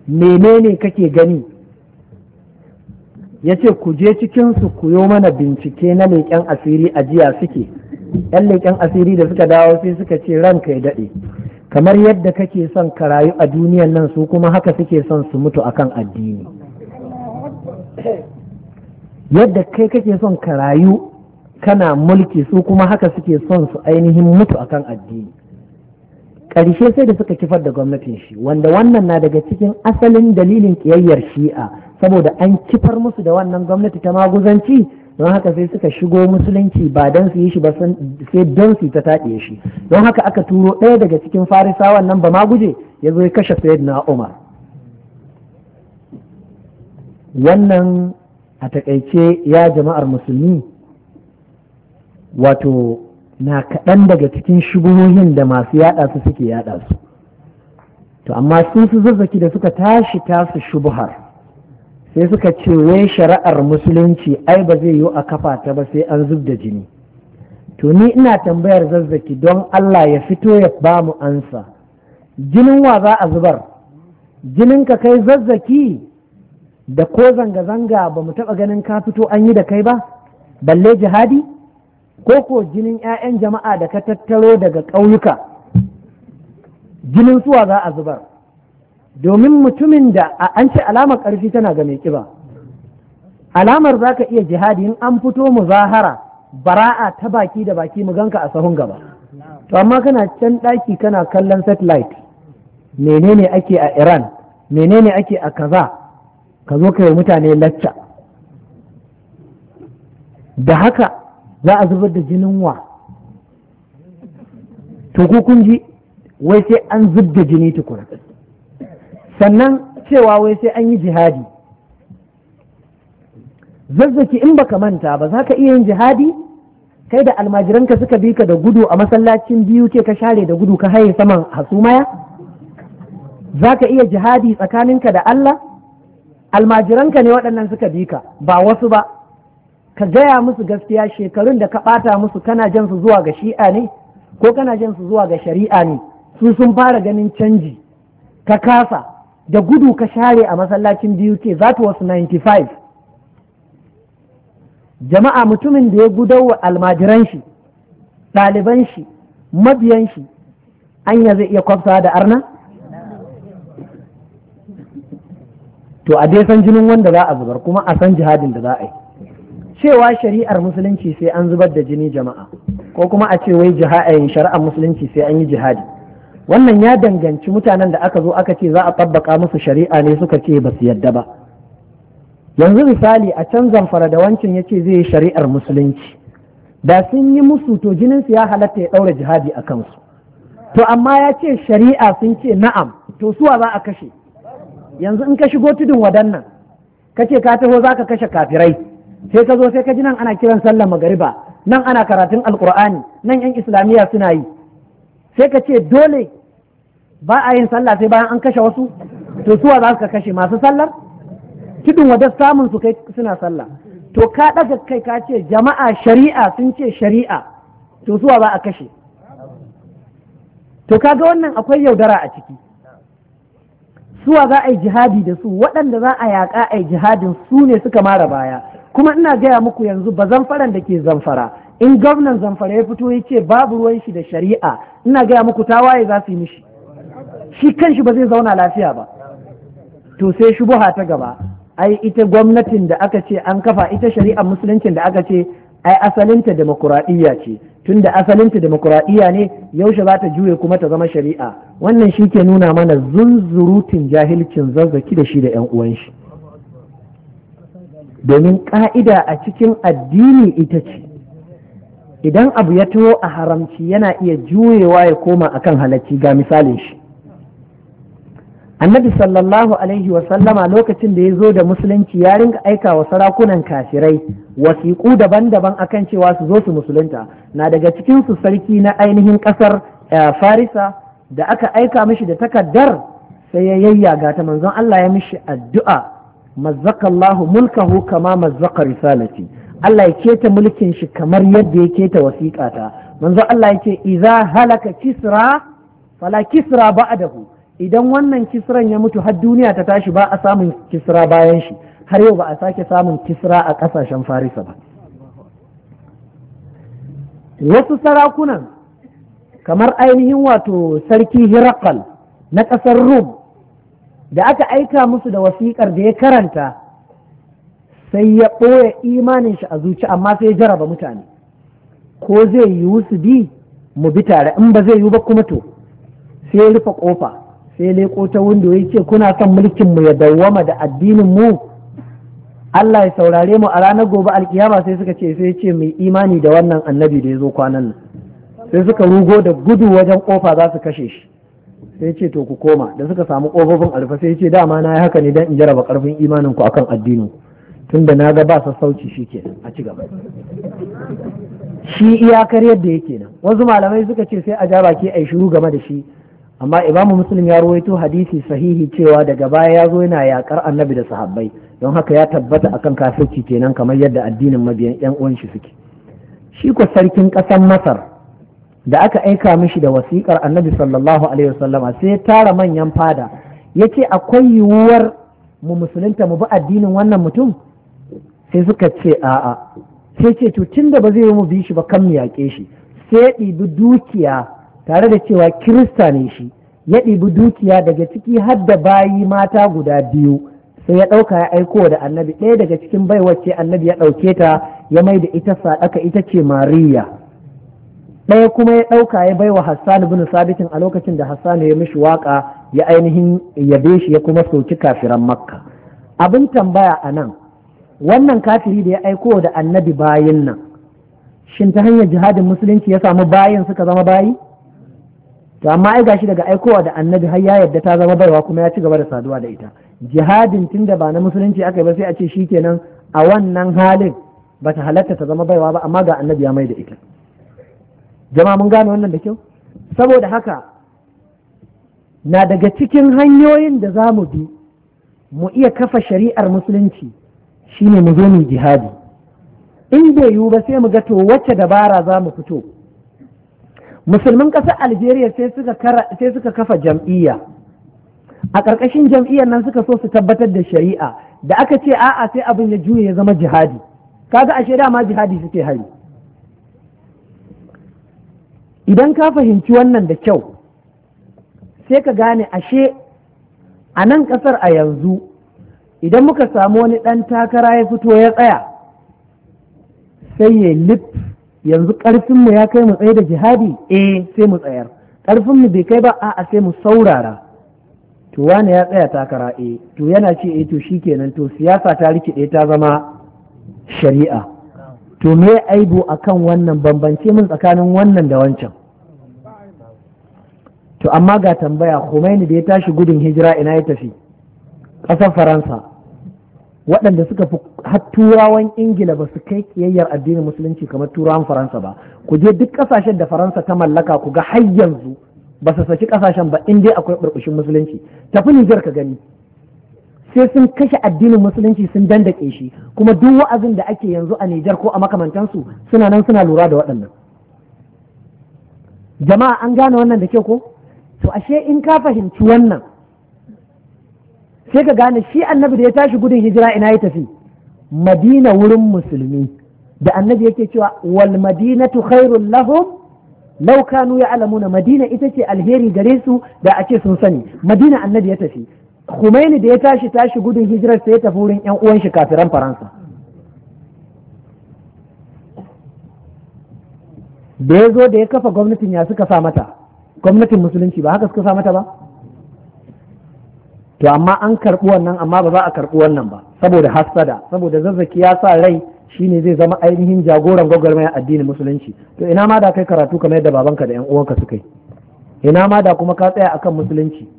menene kake gani ya ce ku je cikinsu ku yi mana bincike na leƙen asiri a jiya suke yan leƙen asiri da suka dawo sai suka ce ranka ya daɗe kamar yadda kake son ka rayu a duniyan nan su kuma haka suke son su mutu akan addini yadda kai kake son ka rayu kana mulki su kuma haka suke son su ainihin mutu akan addini ƙarshe sai da suka kifar da gwamnatin shi wanda wannan na daga cikin asalin dalilin ƙiyayyar shi'a saboda an kifar musu da wannan gwamnati ta maguzanci don haka sai suka shigo musulunci ba don su yi shi ba sai don su ta taɗe shi don haka aka turo ɗaya daga cikin farisa wannan ba ma guje ya zo ya kashe sayid na umar wannan a taƙaice ya jama'ar musulmi wato na kaɗan daga cikin shigohin da masu yaɗa su suke yaɗa su to amma sun su zazzaki da suka tashi tasu shubuhar sai suka ce wai shari'ar musulunci ai ba zai yiwu a kafa ta ba sai an zub da jini to ni ina tambayar zazzaki don Allah ya fito ya ba mu ansa jinin wa za a zubar jinin ka kai zazzaki da ko zanga-zanga ba mu taɓa ganin ka fito an yi da kai ba balle jihadi ko ko jinin 'ya'yan jama'a da ka tattaro daga ƙauyuka jinin suwa za a zubar domin mutumin da an ce alamar ƙarfi tana ga mai kiba alamar za ka iya jihadi in an fito mu zahara bara'a ta baki da baki mu ganka a sahun gaba to amma kana can ɗaki kana kallon satellite menene ake a iran menene ake a kaza ka zo ka yi mutane lacca da haka za a zubar da jinin wa to kun ji wai sai an zub da jini tukuna sannan cewa wai sai an yi jihadi zazzaki in baka manta ba za ka iya yin jihadi kai da almajiranka suka bi ka da gudu a masallacin biyu ke ka share da gudu ka haye saman hasumaya za ka iya jihadi tsakaninka da Allah almajiranka ne waɗannan suka bi ka ba wasu ba ka gaya musu gaskiya shekarun da ka ɓata musu kana jan su zuwa ga shi'a ne ko kana jan su zuwa ga shari'a ne su sun fara ganin canji ka kasa da gudu ka share a masallacin BUK that was 95 jama'a mutumin da ya wa almajiran shi ɗaliban shi mabiyan shi anya zai iya kwafsa da arna to a dai san jinin wanda za a zubar kuma a san jihadin da za a yi cewa shari'ar musulunci sai an zubar da jini jama'a ko kuma a ce wai eh, shari'ar musulunci sai an yi jihadi wannan ya danganci mutanen da aka zo aka ce za a tabbaka musu shari'a ne suka ce ba su yadda ba yanzu misali a can zamfara da wancin ya ce zai yi shari'ar musulunci da sun yi musu to jininsu ya halatta ya ɗaura jihadi a kansu to amma ya ce shari'a sun ce na'am to suwa za a kashe yanzu in ka shigo tudun wadannan ka ce ka taho za ka kashe kafirai sai ka zo sai ka ji nan ana kiran sallar magariba nan ana karatun alkur'ani nan yan islamiyya suna yi sai ka ce dole ba a yin sallah sai bayan an kashe wasu to suwa za ka kashe masu sallar tudun wada samun su kai suna sallah to ka daga kai ka ce jama'a shari'a sun ce shari'a to suwa ba a kashe to kaga wannan akwai yaudara a ciki suwa za a yi jihadi da su waɗanda za a yaƙa a yi jihadin su ne suka mara baya kuma ina gaya muku yanzu ba zamfaran da ke zamfara in gwamnan zamfara ya fito ya ce babu ruwan shi da shari'a ina gaya muku tawaye za su yi mishi shi kanshi ba zai zauna lafiya ba to sai shubuha ta gaba ai ita gwamnatin da aka ce an kafa ita shari'ar musuluncin da aka ce ai asalinta demokuraɗiyya ce tun da asalinta demokuraɗiyya ne yaushe za ta juye kuma ta zama shari'a wannan shi ke nuna mana zunzurutun jahilcin zazzaki da shi da 'yan uwan shi domin ƙa'ida a cikin addini ita ce idan abu ya taho a haramci yana iya juyewa ya koma akan halacci ga misalin shi annabi sallallahu alaihi wasallama lokacin da ya zo da musulunci ya ringa aika wa sarakunan kafirai wasiƙu daban-daban akan cewa su zo su musulunta na daga cikin su sarki na ainihin ƙasar eh, farisa da aka aika mishi da takaddar sai ya yayyaga ta manzon Allah ya mishi addu'a mazzakallahu mulkahu kama mazzaka risalati Allah ya keta mulkin shi kamar yadda ya keta wasiƙa ta manzo Allah ya ce idza halaka kisra fala kisra ba'dahu idan wannan kisran ya mutu har duniya ta tashi ba a samun kisra bayan shi har yau ba a sake samun kisra a ƙasashen farisa ba wasu sarakunan kamar ainihin wato sarki hirakal na ƙasar rum da aka aika musu da wasiƙar da ya karanta sai ya ɓoye imanin shi a zuci amma sai ya jaraba mutane ko zai yiwu su bi mu bi tare in ba zai yiwu ba kuma to sai ya rufe kofa sai ya leko ta windo ya ce kuna son mulkin mu ya dawwama da addinin mu Allah ya saurare mu a ranar gobe alkiyama sai suka ce sai ya ce mai imani da wannan annabi da ya zo kwanan nan sai suka rugo da gudu wajen kofa za su kashe shi sai ce to ku koma da suka samu kofofin alfa sai ce dama na yi haka ne dan in jaraba karfin imanin ku akan addinin ku tunda na ga ba sassauci shi ke a ci gaba shi iyakar yadda yake nan wasu malamai suka ce sai a ja baki a yi shiru game da shi amma imamu muslim ya ruwaito hadisi sahihi cewa daga baya ya zo yana yakar annabi da sahabbai don haka ya tabbata akan kafirci kenan kamar yadda addinin mabiyan yan uwan shi suke shi ko sarkin ƙasar masar da aka aika mishi da wasikar annabi sallallahu alaihi wasallama sai tara manyan fada ya ce akwai yiwuwar mu musulunta mu bi addinin wannan mutum sai suka ce a'a sai ce to tunda ba zai mu bi shi ba kan mu yaƙe shi sai ya ɗibi dukiya tare da cewa kirista ne shi ya ɗibi dukiya daga ciki har da bayi mata guda biyu sai ya ɗauka ya aiko da annabi ɗaya daga cikin baiwar ce annabi ya ɗauke ta ya mai da ita sadaka ita ce mariya ɗaya kuma ya ɗauka ya baiwa Hassanu bin sabitin a lokacin da Hassanu ya mishi waka ya ainihin yabe shi ya kuma soki kafiran makka abin tambaya a nan wannan kafiri da ya aiko da annabi bayin nan shin ta hanyar jihadin musulunci ya samu bayin suka zama bayi to amma ai gashi daga aikowa da annabi har ya yadda ta zama baiwa kuma ya ci gaba da saduwa da ita jihadin tun da ba na musulunci aka yi ba sai a ce shikenan a wannan halin ba ta halatta ta zama baiwa ba amma ga annabi ya mai da ita Jama mun gane wannan da kyau saboda haka na daga cikin hanyoyin da za mu bi mu iya kafa shari'ar musulunci shine mu zo mu jihadi in bai yiwu ba sai mu ga to wacce dabara za mu fito musulmin ƙasar algeria sai suka kafa jam'iyya a ƙarƙashin jam'iyyar nan suka so su tabbatar da shari'a da aka ce a'a sai abin ya juye ya zama jihadi kaga ashe dama jihadi suke hari idan ka fahimci wannan da kyau sai ka gane ashe a nan ƙasar a yanzu idan muka samu wani ɗan takara ya fito ya tsaya sai ya lip yanzu ƙarfinmu ya kai mu tsaye da jihadi eh sai mu tsayar ƙarfinmu bai kai ba a'a sai mu saurara to wani ya tsaya takara eh to yana ce eh to shikenan to siyasa ta rikide ta zama shari'a to me aibu akan wannan bambance min tsakanin wannan da wancan to amma ga tambaya Khomeini da ya tashi gudun hijira ina ya tafi ƙasar Faransa waɗanda suka fi har turawan ingila ba su kai kiyayyar addinin musulunci kamar turawan faransa ba ku je duk ƙasashen da faransa ta mallaka ku ga har yanzu ba su saki ƙasashen ba in dai akwai burbushin musulunci tafi nijar ka gani sai sun kashe addinin musulunci sun dandake shi kuma duk wa'azin da ake yanzu a nijar ko a makamantansu suna nan suna lura da waɗannan jama'a an gane wannan da ke ko to ashe in ka fahimci wannan sai ka gane shi annabi da ya tashi gudun hijira ina ya tafi madina wurin musulmi da annabi yake cewa wal madinatu khairul lahum law kanu ya'lamuna madina ita ce alheri gare su da a ce sun sani madina annabi ya tafi Khomeini da ya tashi tashi gudun hijirar sai ya tafi wurin yan uwan shi kafiran faransa da ya zo da ya kafa gwamnatin ya suka sa mata gwamnatin musulunci ba haka suka sa mata ba to amma an karɓi wannan amma ba za a karɓi wannan ba saboda hassada saboda zazzaki ya sa rai shine zai zama ainihin jagoran gwagwarmaya addinin musulunci to ina ma da kai karatu kamar yadda babanka da yan uwanka suka yi ina ma da kuma ka tsaya akan musulunci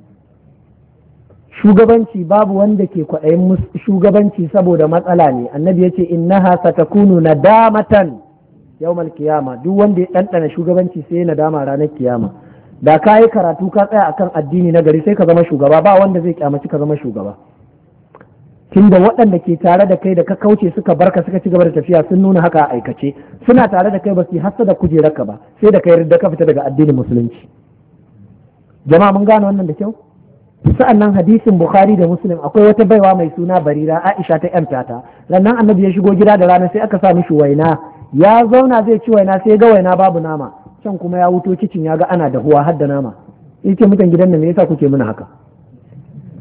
shugabanci babu wanda ke kwaɗayin shugabanci saboda matsala ne annabi ya ce innaha satakunu nadamatan yawmal kiyama duk wanda ya ɗanɗana shugabanci sai ya nadama ranar kiyama da ka yi karatu ka tsaya akan addini na gari sai ka zama shugaba ba wanda zai kyamaci ka zama shugaba da waɗanda ke tare da kai da ka kauce suka barka suka ci gaba da tafiya sun nuna haka a aikace suna tare da kai ba su hasa da kujerarka ba sai da kai da ka fita daga addinin musulunci jama'a mun gane wannan da kyau sa'an nan hadisin bukhari da muslim akwai wata baiwa mai suna barira aisha ta yan ta sannan annabi ya shigo gida da rana sai aka sa mishi waina ya zauna zai ci waina sai ga waina babu nama can kuma ya wuto kicin ya ga ana da har da nama ce mutan gidan nan me yasa kuke mana haka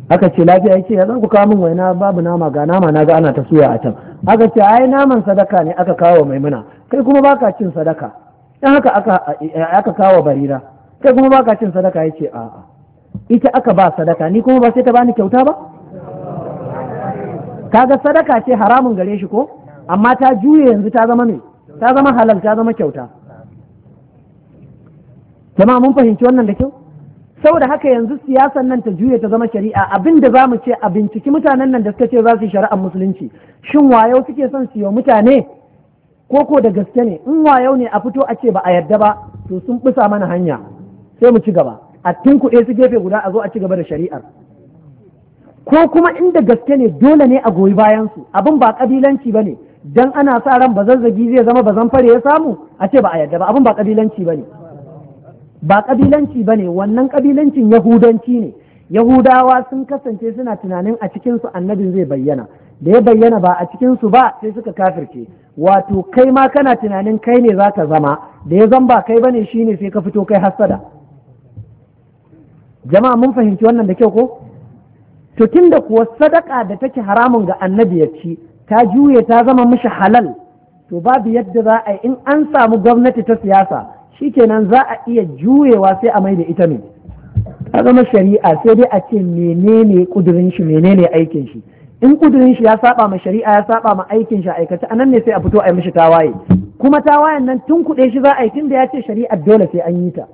aka ce lafiya yace ya za ku kawo min waina babu nama ga nama na ga ana ta suya a can aka ce ai naman sadaka ne aka kawo maimuna kai kuma baka cin sadaka dan haka aka aka kawo barira kai kuma baka cin sadaka ce? a'a ita aka ba sadaka ni kuma ba sai ta bani kyauta ba kaga sadaka ce haramun gare shi ko amma ta juye yanzu ta zama me ta zama halal ta zama kyauta jama'a mun fahimci wannan da kyau saboda haka yanzu siyasan nan ta juya ta zama shari'a abin da za mu ce a binciki mutanen nan da suka ce za su yi shari'ar musulunci shin wayo suke son siyo mutane ko ko da gaske ne in wayo ne a fito a ce ba a yarda ba to sun bisa mana hanya sai mu ci gaba a kuɗe su gefe guda a zo a ci gaba da shari'ar ko kuma inda gaske ne dole ne a goyi bayan su abin ba kabilanci ba ne dan ana sa ran bazazzagi zai zama bazan fare ya samu a ce ba a yarda ba abin ba kabilanci ba ne ba kabilanci ba ne wannan kabilancin yahudanci ne yahudawa sun kasance suna tunanin a cikinsu annabin zai bayyana da ya bayyana ba a cikinsu ba sai suka kafirce wato kai ma kana tunanin kai ne za ka zama da ya zan ba kai ba ne shine sai ka fito kai hassada jama'a mun fahimci wannan da kyau ko to da kuwa sadaka da take haramun ga annabi ya ci ta juye ta zama mishi halal to babu yadda za a yi in an samu gwamnati ta siyasa kenan za a iya juyewa sai a mai da ita ne ta zama shari'a sai dai a ce menene kudurin shi menene aikin shi in kudurin shi ya saba ma shari'a ya saba ma aikin shi aikata anan ne sai a fito a yi mishi tawaye kuma tawayen nan tun kuɗe shi za a yi tun da ya ce shari'a dole sai an yi ta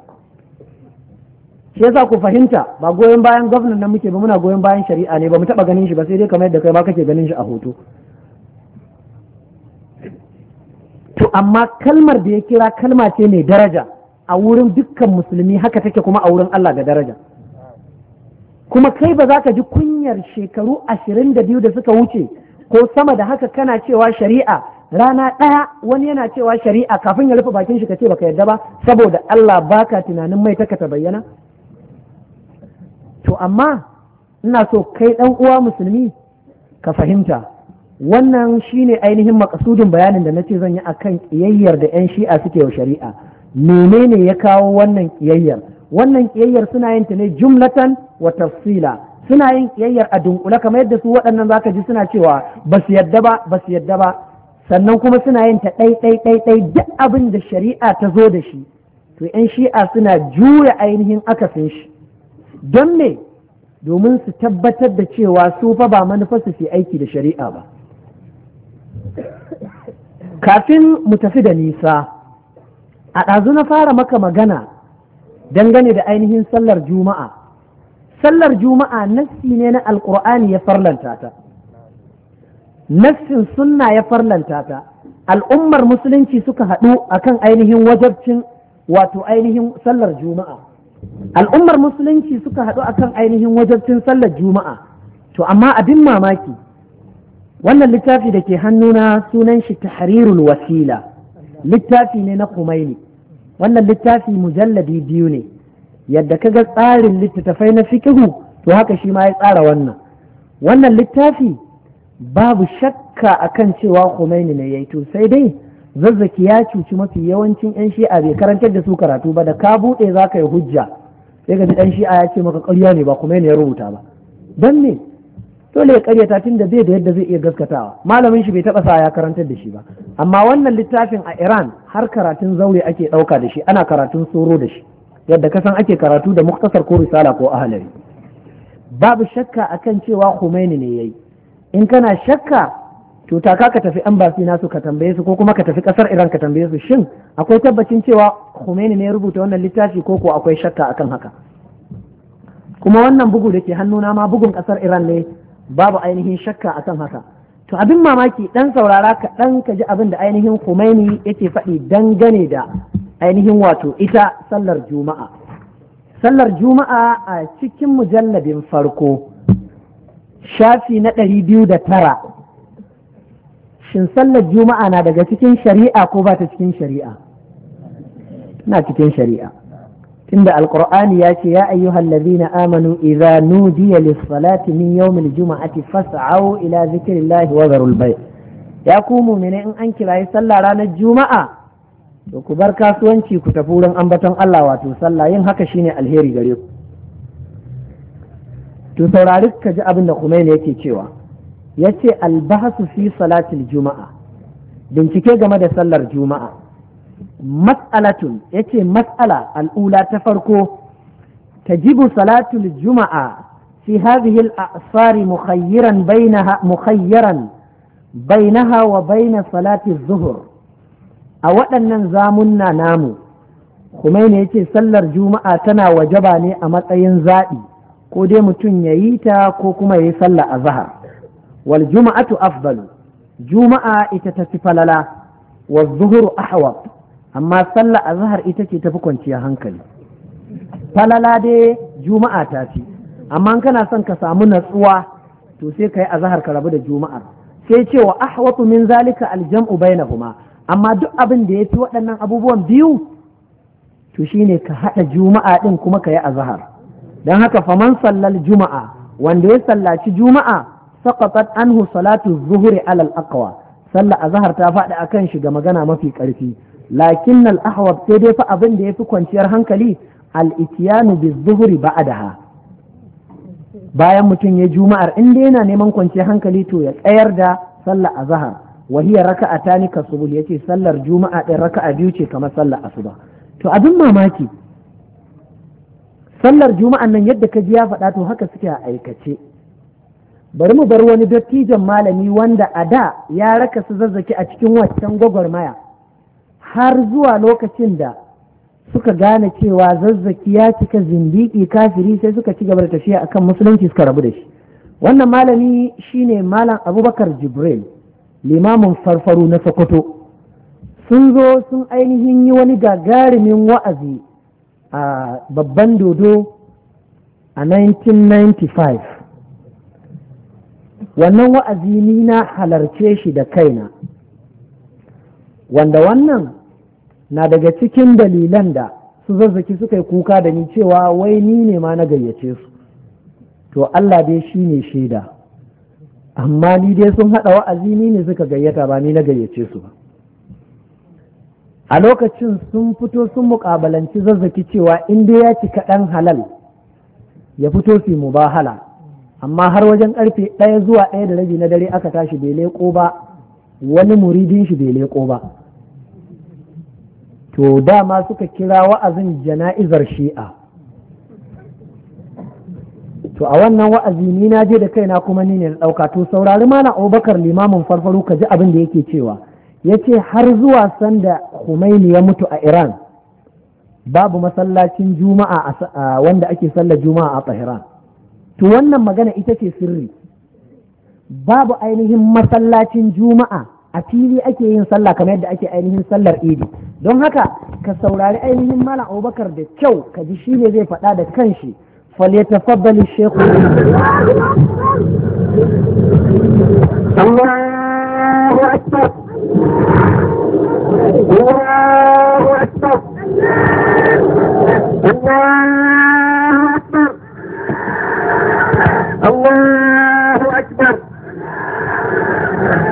shi yasa ku fahimta ba goyon bayan gwamnan nan muke ba muna goyon bayan shari'a ne ba mu taba ganin shi ba sai dai kamar yadda kai ma kake ganin shi a hoto to amma kalmar da ya kira kalma ce mai daraja a wurin dukkan musulmi haka take kuma a wurin Allah ga daraja kuma kai ba za ka ji kunyar shekaru ashirin da biyu da suka wuce ko sama da haka kana cewa shari'a rana ɗaya wani yana cewa shari'a kafin ya rufe bakin shi ka ce baka yarda ba saboda Allah baka tunanin mai taka ta bayyana to amma ina so kai ɗan uwa musulmi ka fahimta wannan shine ainihin makasudin bayanin da na ce zan yi akan kiyayyar da yan shi'a suke wa shari'a menene ya kawo wannan ƙiyayyar? wannan ƙiyayyar suna yin ta ne jumlatan wa tafsila suna yin kiyayyar a dunkule kamar yadda su waɗannan zaka ji suna cewa ba su yadda ba ba su yadda ba sannan kuma suna yin ta ɗai ɗai ɗai ɗai duk abin da shari'a ta zo da shi to yan shi'a suna juya ainihin akasin shi don me domin su tabbatar da cewa su fa ba manufarsu su aiki da shari'a ba kafin mu tafi da nisa a ɗazu na fara maka magana dangane da ainihin sallar juma'a sallar juma'a nassi ne na alƙur'ani ya farlanta ta nassin sunna ya farlanta ta al'ummar musulunci suka haɗu akan ainihin wajabcin wato ainihin sallar juma'a al'ummar musulunci suka haɗu akan ainihin wajabcin sallar juma'a to amma abin mamaki wannan littafi da ke hannuna sunan shi tahrirul wasila littafi ne na kumaini wannan littafi mujalladi biyu ne yadda ka ga tsarin littattafai na fikihu to haka shi ma ya tsara wannan wannan littafi babu shakka akan cewa kumaini ne yayi to sai dai zazzaki ya cuci mafi yawancin yan shi'a bai karantar da su karatu ba da ka buɗe za ka yi hujja sai ga ɗan shi'a ya ce maka ƙarya ne ba kumaini ya rubuta ba don me dole ya karyata tun da bai da yadda zai iya gaskatawa malamin shi bai taba sa ya karantar da shi ba amma wannan littafin a Iran har karatun zaure ake dauka da shi ana karatun soro da shi yadda kasan ake karatu da muktasar ko risala ko ahalari babu shakka akan cewa Khomeini ne yayi in kana shakka to ta ka tafi embassy su ka tambaye su ko kuma ka tafi kasar Iran ka tambaye su shin akwai tabbacin cewa Khomeini ne ya rubuta wannan littafi ko ko akwai shakka akan haka kuma wannan bugu da ke hannuna ma bugun kasar Iran ne babu ainihin shakka akan haka to abin mamaki dan saurara ka dan ka ji abin da ainihin Khomeini yake faɗi dangane da ainihin wato ita sallar juma'a sallar juma'a a cikin mujallabin farko shafi na ɗari biyu da tara shin sallar juma'a na daga cikin shari'a ko ba ta cikin shari'a na cikin shari'a tunda alqur'ani ya ce ya ayyuhal ladina amanu idza nudiya lis-salati min yawmil juma'ati fas'au ila zikrillahi wa dharul bay' ya ku mu'mini in an kirayi sallah ranar juma'a to ku bar kasuwanci ku tafi wurin ambaton Allah wato sallah yin haka shine alheri gare ku to saurari ka ji abin da Khomeini yake cewa yace al-bahsu fi juma'a bincike game da sallar juma'a mas'alatun yace mas'ala al'ula ta farko tajibu salatul juma'a fi hadhihi al-a'sari mukhayyiran bainaha mukhayyaran bainaha wa baina salati zuhur a waɗannan zamunna namu Khomeini yace sallar juma'a tana wajaba ne a matsayin zaɓi ko dai mutum ya yi ta ko kuma ya yi sallah a zaha. wal juma'atu afdalu juma'a ita ta fi falala wa zuhuru ahwab amma sallah azhar ita ce tafi kwanciya hankali falala dai juma'a ta fi amma kana son ka samu natsuwa to sai ka yi azhar ka rabu da juma'ar sai cewa ahwatu min zalika aljam'u bainahuma amma duk abin da yafi waɗannan abubuwan biyu to shine ka hada juma'a din kuma ka yi azhar dan haka faman sallal juma'a wanda ya sallaci juma'a saqatat anhu salatu zuhri alal aqwa sallah azhar ta faɗi akan shi ga magana mafi ƙarfi lakin nan ahwab sai dai fa abin da fi kwanciyar hankali al-ityanu bi-dhuhri ba'daha bayan mutum ya juma'ar in dai yana neman kwanciyar hankali to ya tsayar da sallar azhar wa hiya raka'ata ni ya yace sallar juma'a raka raka'a biyu ce kamar sallar asuba to abin mamaki sallar juma'a nan yadda ka ji ya faɗa to haka suke a aikace bari mu bar wani dattijan malami wanda a da ya raka su zazzaki a cikin waccan gwagwarmaya har zuwa lokacin da suka gane cewa zazzaki ya cika zindiki kafiri sai suka ci gaba da tafiya akan musulunci suka rabu da shi wannan malami shine malam abubakar jibril limamin farfaro na sokoto sun zo sun ainihin yi wani gagarumin wa'azi a babban dodo a 1995 wannan wa'azi ni na halarce shi da kaina wanda wannan na daga cikin dalilan da su zazzaki suka yi kuka da ni cewa wai ni ne ma na gayyace su to Allah dai shi ne shaida amma ni dai sun haɗa wa'azi ni ne suka gayyata ba ni na gayyace su ba a lokacin sun fito sun muƙabalanci zazzaki cewa in dai ya ci kaɗan halal ya fito su mu mubahala amma har wajen ƙarfe ɗaya zuwa ɗaya da rabi na dare aka tashi bai leƙo ba wani muridin shi bai leƙo ba to dama suka kira wa'azin jana'izar shi'a to a wannan wa'azi ni na je da kaina kuma ni ne na ɗauka to saurari mana abubakar limamin farfaru, ka ji abin da yake cewa ya ce har zuwa sanda Khomeini ya mutu a iran babu masallacin juma'a wanda ake sallar juma'a a tehran to wannan magana ita ce sirri babu ainihin masallacin juma'a a fili ake yin sallah kamar yadda ake ainihin sallar idi don haka ka saurari ainihin malam abubakar da kyau ka ji shi ne zai faɗa da kanshi falita الشيخ الله الله أكبر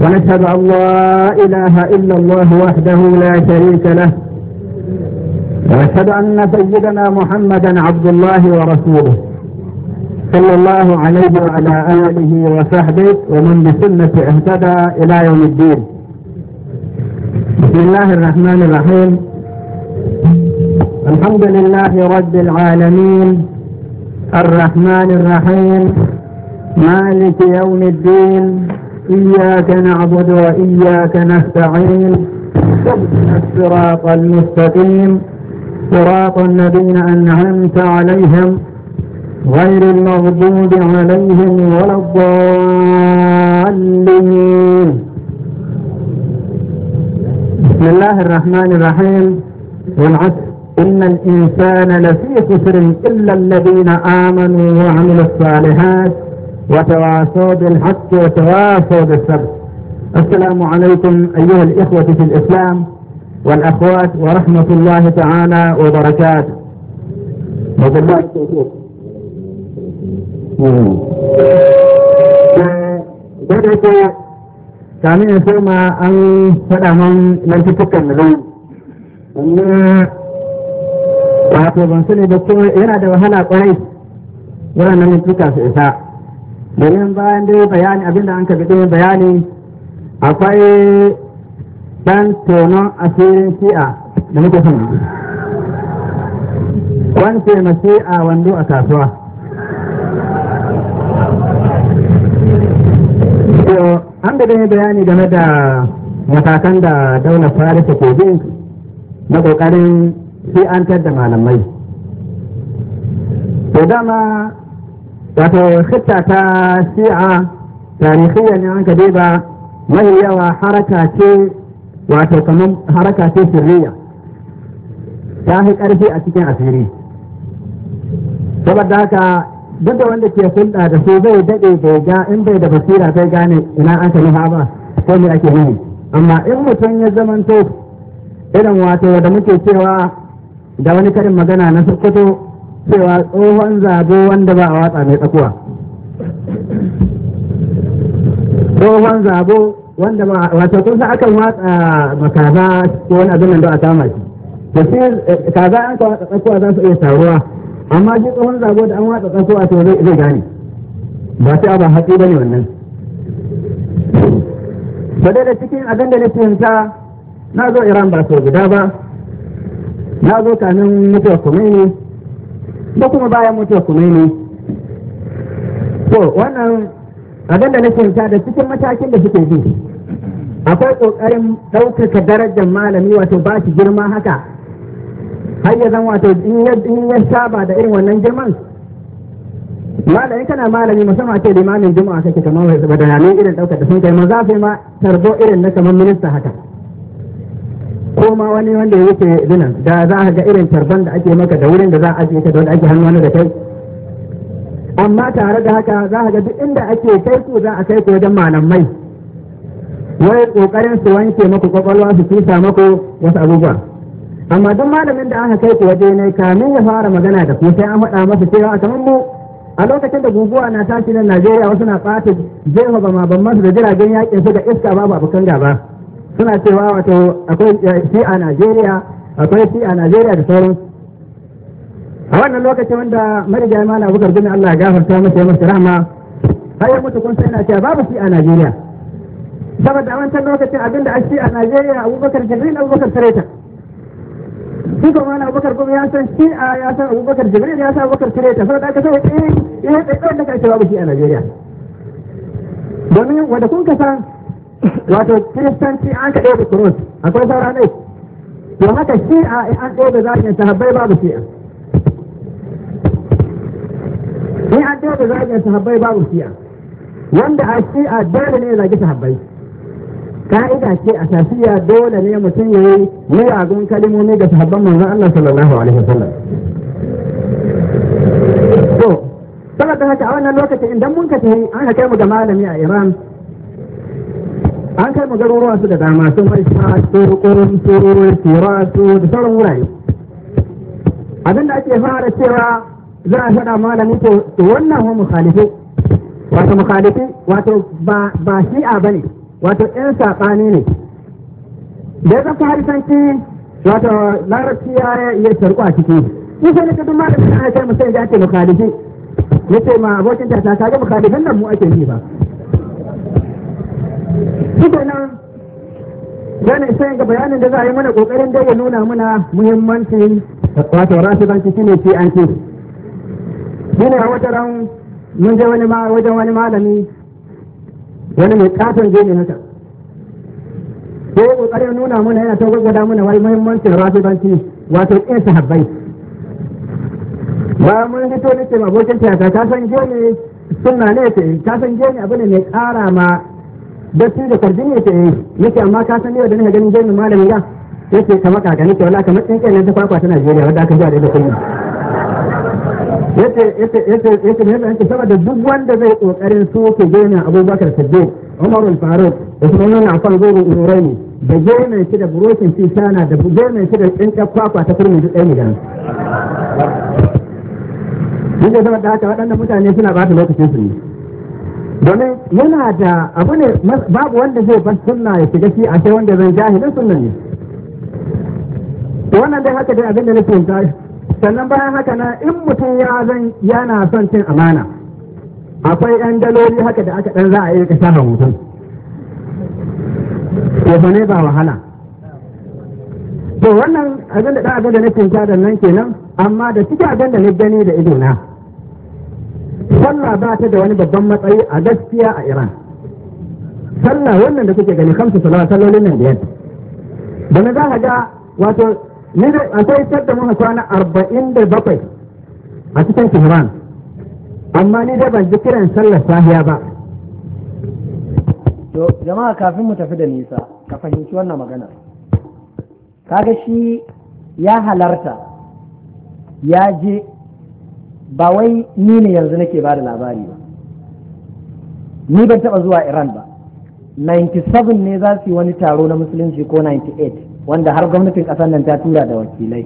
ونشهد أن لا إله إلا الله وحده لا شريك له ونشهد أن سيدنا محمدا عبد الله ورسوله صلى الله عليه وعلى آله وصحبه ومن بسنة اهتدى إلى يوم الدين بسم الله الرحمن الرحيم الحمد لله رب العالمين الرحمن الرحيم مالك يوم الدين إياك نعبد وإياك نستعين اهدنا الصراط المستقيم صراط الذين أنعمت عليهم غير المغضوب عليهم ولا الضالين بسم الله الرحمن الرحيم والعصر إن الإنسان لفي خسر إلا الذين آمنوا وعملوا الصالحات وتواصوا بالحق وتواصوا بالصبر السلام عليكم أيها الإخوة في الإسلام والأخوات ورحمة الله تعالى وبركاته وبالله التوفيق da kamin in soma an faɗa man lantukukan da zai amma wato ban sani da kuma yana da wahala kwarai waɗannan lantuka su domin bayan dai bayani abinda an kafi ɗaya bayani akwai ɗan tonon asirin shi'a da muke sani wance ma shi'a wando a kasuwa an da dai bayani game da matakan da Dauna farisa ta bin na ƙoƙarin shi'antar da malamai to dama wato khitta ta shi'a tarihiyya ne an ka ba mai yawa haraka ce wato kamar haraka ce sirriya ta fi ƙarfi a cikin asiri saboda haka duk da wanda ke hulɗa da su zai daɗe bai ga in bai da basira zai gane ina an ka nufa ba ko me ake nuni amma in mutum ya zamanto irin wato da muke cewa da wani karin magana na sokoto cewa tsohon zabo wanda ba a watsa mai tsakuwa tsohon zabo wanda ba a kun san akan watsa makaza ko wani abin nan da a kama shi da shi eh, kaza an ka watsa tsakuwa za su iya taruwa amma shi tsohon zabo da an watsa tsakuwa to zai gane ba sai ba hatsi ne wannan ba da cikin abin da na fahimta na zo iran ba sau guda ba na zo kanin mutuwa kuma ne ko kuma bayan mutuwa kuma ne to wannan abin da na kyanta da cikin matakin da suke bi akwai ƙoƙarin ɗaukaka darajar malami wato ba shi girma haka har ya zan wato in ya saba da irin wannan girman malami kana malami musamman ce limamin juma'a kake kamar yanayin irin ɗaukar da sun kai maza sai ma tarbo irin na kamar minista haka ko ma wani wanda ya wuce zinan da za a ga irin tarban da ake maka da wurin da za a ajiye ka da wanda ake hannu wani da kai amma tare da haka za a ga duk inda ake kai ku za a kai ku wajen malamai wai kokarin su wanke maku kwakwalwa su tisa maku wasu abubuwa amma duk malamin da aka kai ku waje ne kamin ya fara magana da ku sai an faɗa masa cewa kamar mu a lokacin da guguwa na tashi na Najeriya wasu na ɓata jefa ba ma ban masu da jiragen yakin su da iska babu abokan gaba suna cewa wato akwai shi a Najeriya akwai shi a Najeriya da sauran a wannan lokacin wanda ma na bukar bin Allah gafarta masa masa rahma har ya mutu kun sai na cewa babu shi a Najeriya saboda a wancan lokacin abinda ake a Najeriya Abubakar Jibril Abubakar Sareta shi ko mana Abubakar kuma ya san shi a ya san Abubakar Jibril ya san Abubakar Sareta saboda aka sai eh eh da kai da kai babu shi a Najeriya domin wanda kun ka san wato kiristanci an ka ɗaya kurus akwai saura ne to haka shi'a a an ɗaya zagin sahabbai babu shi'a in an ɗaya zagin sahabbai babu shi'a wanda a shi'a dole ne ya zagi sahabbai ka'ida ce a tafiya dole ne mutum ya yi miyagun kalimomi ga sahabban manzon Allah sallallahu alaihi wasallam to saboda haka a wannan lokacin idan mun ka tafi an ka kai mu ga malami a Iran an kai ruwa su da dama sun mai sa tsoron tsoron tura su da sauran wurare abin da ake fara cewa za a faɗa malami to wannan wa mukhalifi wato mukhalifi wato ba ba ne bane wato 'yan saɓani ne da ya zafi harisanci wato larabci ya yi sarku a ciki in sai nika dumma da kan aikar musayin da ake mukhalifi ya ce ma abokin ta ta kaga mukhalifin nan mu ake yi ba suka nan gane sai ga bayanin da za a yi mana kokarin da ya nuna mana muhimmancin wato ci shine ce an ce yana a wata ran mun je wani wajen wani malami wani mai katon je ne haka ko kokarin nuna mana yana ta gwada mana wani muhimmancin ci wato ƙin sahabbai ba mun fito ne ce abokin ta ta san je ne suna ne ce ta san je ne abu ne mai ƙara ma bacci da kwarjin ke yi yake amma ka san yau da nake ganin jami'in malami ya yake maka kaka nake wala kamar tsinke ne ta kwakwa ta Najeriya wadda aka zuwa da ne yace yace yace yace ne yake saboda duk wanda zai kokarin ke jami'in Abubakar Siddiq Umar al-Faruq Usman ibn Affan zuru Nuraini da jami'in shi da shi sana da jami'in shi da tsinke kwakwa ta kurmi duk ɗaya ne dan Duk da saboda haka waɗannan mutane suna ba ta lokacin su ne domin yana da abu ne babu wanda zai bar sunna ya shiga shi a sai wanda zan jahilin sunna ne wannan dai haka dai abin da nake ta sannan bayan haka na in mutum ya zan yana son cin amana akwai yan daloli haka da aka dan za a yi ka shafa mutum to ne ba wahala to wannan abin da da abin da nake ta da nan kenan amma da cikin abin da na gani da ido na sallah ba ta da wani babban matsayi a gaskiya a iran sallah wannan da kuke gani kamsu salawa sallolin nan biyar da na za ka ga wato ni da akwai sadda muna kwana arba'in da bakwai a cikin tehran amma ni dai ban ji kiran sallar sahiya ba to jama'a kafin mu tafi da nisa ka fahimci wannan magana kaga shi ya halarta ya je ba wai ni ne yanzu nake ba da labari ba ni ban taba zuwa iran ba 97 ne za su yi wani taro na musulunci ko 98 wanda har gwamnatin kasar nan ta tura da wakilai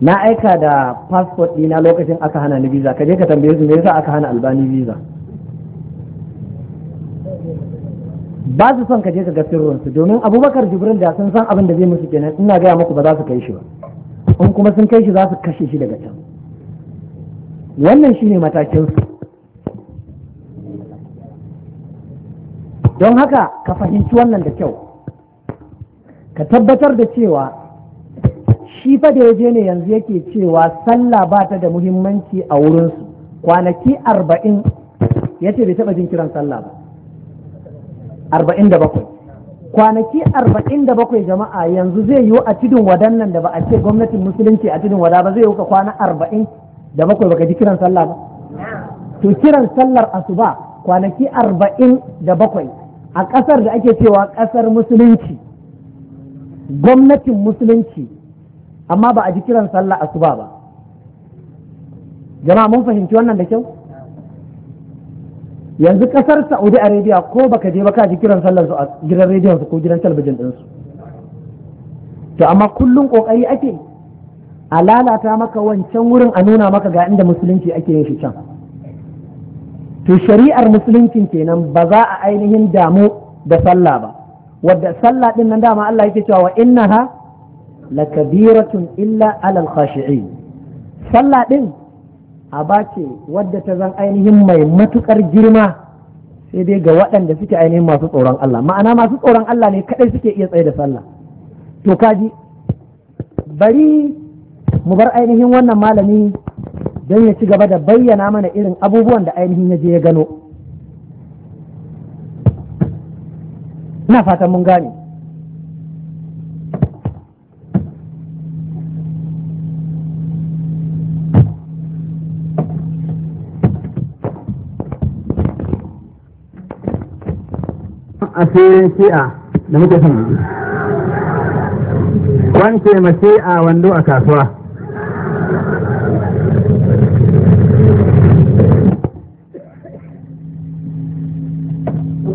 na aika da passport ɗina lokacin aka hana ni visa kaje ka tambaye su me yasa aka hana albani visa ba su son kaje ka ga sirrinsu domin abubakar jibrin da sun san abin da zai musu kenan ina gaya muku ba za su kai shi ba in kuma sun kai shi za su kashe shi daga can wannan shine matakinsu don haka ka fahimci wannan da kyau ka tabbatar da cewa shi fa da ya je ne yanzu yake cewa sallah ba ta da muhimmanci a wurinsu kwanaki arba'in ya ce bai taɓa jin kiran sallah ba arba'in da bakwai kwanaki arba'in da bakwai jama'a yanzu zai yiwu a tudun wadannan da ba a ce gwamnatin musulunci a tudun wada ba zai yiwu ka kwana arba'in da bakwai baka ji kiran sallah ba to kiran sallar asuba kwanaki arba'in da bakwai a ƙasar da ake cewa ƙasar musulunci gwamnatin musulunci amma ba a ji kiran sallah asuba ba jama'a mun fahimci wannan da kyau yanzu ƙasar saudi arabia ko baka je baka ji kiran sallar su a gidan rediyon su ko gidan talabijin ɗinsu to amma kullum ƙoƙari ake a lalata maka wancan wurin a nuna maka ga inda musulunci ake yin shi can to shari'ar musulunci kenan ba za a ainihin damu da sallah ba wadda sallah din nan dama Allah yake cewa wa innaha lakabiratun illa alal khashi'in sallah din aba ce wadda ta zan ainihin mai matukar girma sai dai ga waɗanda suke ainihin masu tsoron Allah ma'ana masu tsoron Allah ne kadai suke iya tsaye da sallah to kaji bari mu bar ainihin wannan malami don ya ci gaba da bayyana mana irin abubuwan da ainihin ya je ya gano ina fatan mun gane a shi'a da muke son wance a wando a kasuwa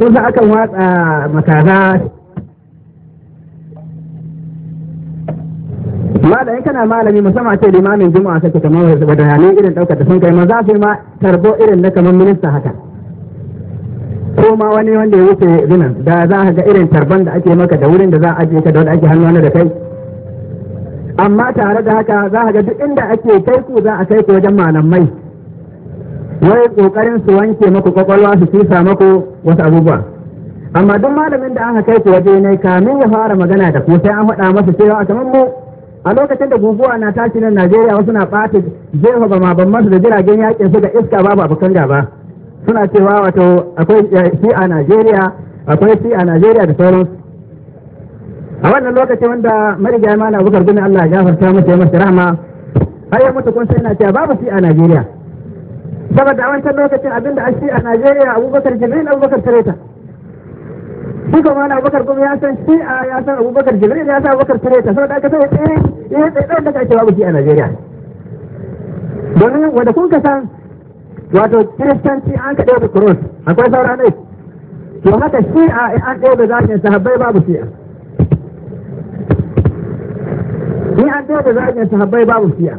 kusa san akan watsa makaza malamin kana malami musamman ce limamin juma'a kake kamar wadda hali irin daukar da sun kai ma za su ma tarbo irin na kamar minista haka ko ma wani wanda ya wuce zinan da za ka ga irin tarban da ake maka da wurin da za a ajiye ka da wanda ake hannu da kai amma tare da haka za ka ga duk inda ake kai ku za a kai ku wajen malamai wai kokarin su wanke muku kwakwalwa su tusa muku wasu abubuwa amma duk malamin da aka kai ku waje ne kamin ya fara magana da ku sai an faɗa masa cewa a kamar mu a lokacin da guguwa na tashi nan Najeriya wasu na ɓata jefa ba maban masu da jiragen yakin su da iska babu abokan gaba suna cewa wato akwai eh, shi a Najeriya akwai shi a Najeriya da sauran a wannan lokacin wanda marigayi mana bukar bin Allah ya gafarta masa ya masa rahama har ya mutu kun sai na cewa babu shi a Najeriya saboda a wancan lokacin abinda a shi a Najeriya Abubakar Jibril Abubakar Tireta shi kuma wani Abubakar kuma ya san shi a ya san Abubakar Jibril ya san Abubakar Tireta saboda aka sai tsere ya tsaye da daga cewa shi a Najeriya domin wanda kun ka san wato kiristanci an ka ɗaya kurus akwai sauran ne to haka shi a an ɗaya da zafin sahabbai babu shi'a ni an ɗaya da zafin sahabbai babu shi'a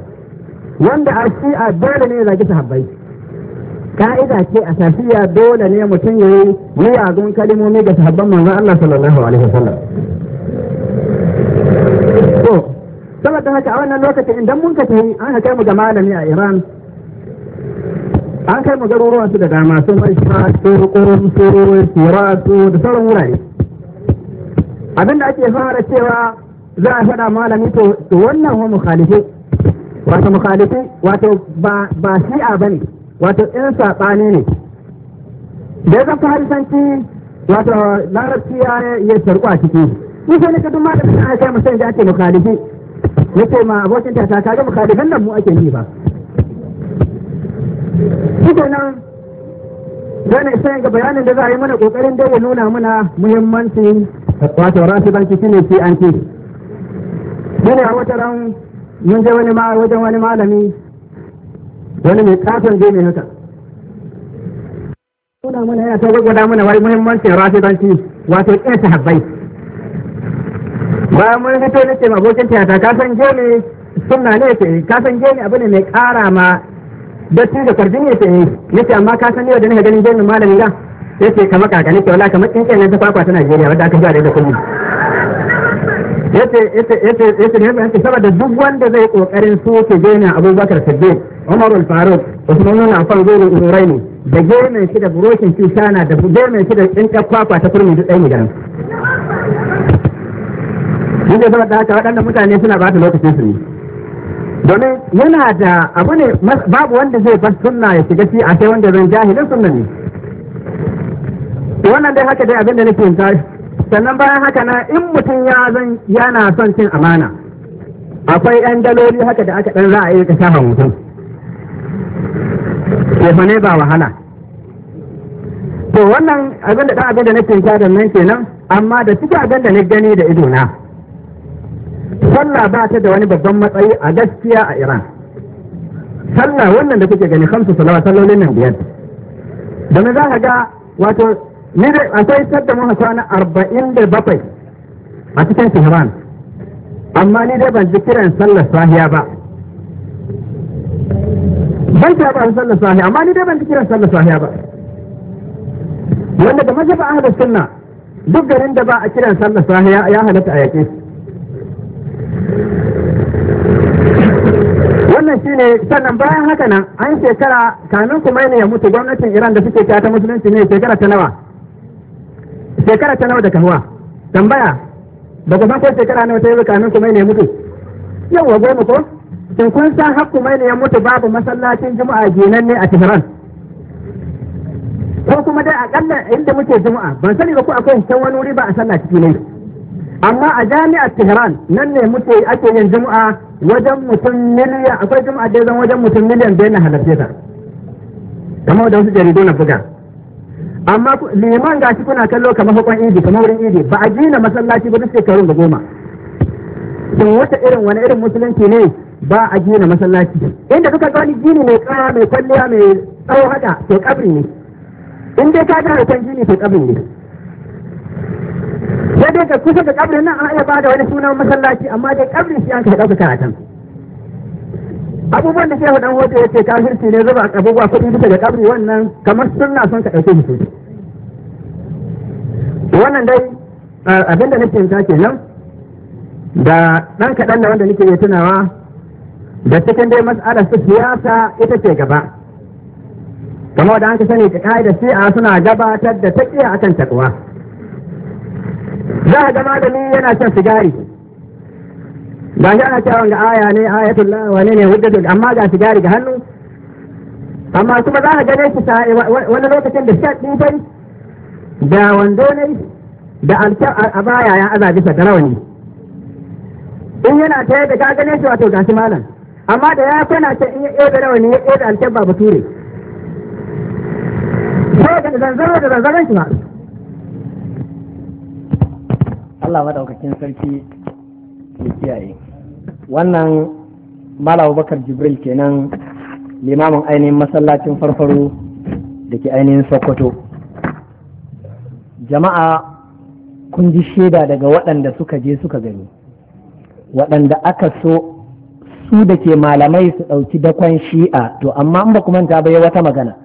wanda a a dole ne zaki zagi sahabbai ka'ida ce a safiya dole ne mutum ya yi miyagun kalimomi ga sahabban manzon Allah sallallahu alaihi wasallam to saboda haka a wannan lokacin idan mun ka tafi an kai mu ga malami a Iran an kai mu garuruwan su da dama sun mai sa su kurum su sura su da sauran wurare abin da ake fara cewa za a faɗa malami to wannan wa mukhalifi wato mukhalifi wato ba ba shi'a bane wato in saɓani ne da ya zafi harisanci wato larabci ya sarƙo a ciki in sai nika dumma da kan aka masa da ake mukhalifi ce ma abokin ta ta kaga mukhalifan nan mu ake ni ba kuma nan zane sai ga bayanin da za a yi mana ƙoƙarin da ya nuna mana muhimmanci wato rasibanci shine ci an ci yana wata ran mun je wani ma wajen wani malami wani mai katon zai mai haka kuna mana yana ta gwagwada mana wai muhimmancin rafidanci wato ƙesa habbai bayan mun fito na ce abokin tiyata ka san gene suna ne ce ka san gene abu ne mai ƙara ma datti da kwarjin ne ce na ce amma ka san yau da na ganin gene malamin ga ya ce kama kakani ce wala kamar kinkin nan ta kwakwa ta Najeriya wadda aka zuwa da kullum yace Ya ce yace ne saboda duk wanda zai ƙoƙarin soke gene Abubakar sabbin. Umar al-Faruq Usman ibn Affan zai urai ne da gemen shi da buroshin shi shana da gemen shi da tsinka kwakwa ta kurmi duk ɗaya ne garan shi zai zama haka waɗannan mutane suna ba ta lokacin su ne domin yana da abu ne babu wanda zai bar sunna ya shiga shi a sai wanda zan jahilin sunna ne wannan dai haka dai abin da nake yin sannan bayan haka na in mutum ya zan yana son cin amana akwai 'yan daloli haka da aka ɗan za a yi ka sha mutum ko ne ba wahala to wannan abin da ɗan abin da na ke da nan kenan amma da cikin abin da na gani da ido na sallah ba ta da wani babban matsayi a gaskiya a iran sallah wannan da kuke gani kamsu salawa sallolin nan biyar domin za ka ga wato ni dai akwai sadda mun na arba'in da bakwai a cikin tehran amma ni dai ban ji kiran sallar sahiya ba ban ta ba sallar sahiya amma ni dai ban ta kiran sallar sahiya ba wanda da mazhaba ahlus sunna duk garin da ba a kiran sallar sahiya ya halatta a yake wannan shine sannan bayan haka nan an shekara kanin kuma ne ya mutu gwamnatin Iran da suke ta musulunci ne shekara ta nawa shekara ta nawa da kahuwa tambaya ba ku san ko shekara nawa ta yi kanin kuma ne ya mutu yau wa goma ko shin kun san hakku mai ne ya mutu babu masallacin juma'a genan ne a Tehran ko kuma dai a akalla inda muke juma'a ban sani ba ko akwai can wani wuri ba a sallah ciki ne amma a jami'ar Tehran nan ne muke ake yin juma'a wajen mutum miliyan akwai juma'a da zan wajen mutum miliyan da yana halarce ta kamar da wasu jaridu na buga amma liman gashi kuna kallo kamar hukun idi kamar wurin idi ba a gina masallaci ba duk shekarun da goma shin wata irin wani irin musulunci ne ba a gina masallaci inda kuka ga wani gini mai tsara mai kwalliya mai tsawo haka to kabri ne in dai ka gane kan gini to kabri ne sai dai ka kusa da kabri nan an iya bada wani sunan masallaci amma dai kabri shi an ka dauka karatun. abubuwan da ke dan hoto ya ce kafirci ne zuba abubuwa kuɗi bisa da kabri wannan kamar sunna sun ka ɗauke su. wannan dai abinda nake yin ta kenan da ɗan kaɗan da wanda nake tunawa da cikin dai mas'alar su siyasa ita ce gaba kamar da an ka sani da shi'a suna gabatar da takiya akan takwa za a ga malami yana shan sigari ba shi ana cewa ga aya ne la wa ne hujjatul amma ga sigari ga hannu amma kuma za a gane shi wani lokacin da shan ɗubai da wando ne da a baya ya azabi sa da rawani in yana ta da ka gane shi wato gashi malam amma da ya kuna ta in ya ɗebe rawani ya alƙar ba bature ko da zanzaro da zanzaron shi ma Allah madaukakin sarki ya kiyaye wannan Malam Bakar Jibril kenan limamin ainihin masallacin farfaro da ke ainihin Sokoto jama'a kun ji shaida daga waɗanda suka je suka gani waɗanda aka so su da ke malamai su ɗauki dakon shi'a to amma in ba ku manta ba ya wata magana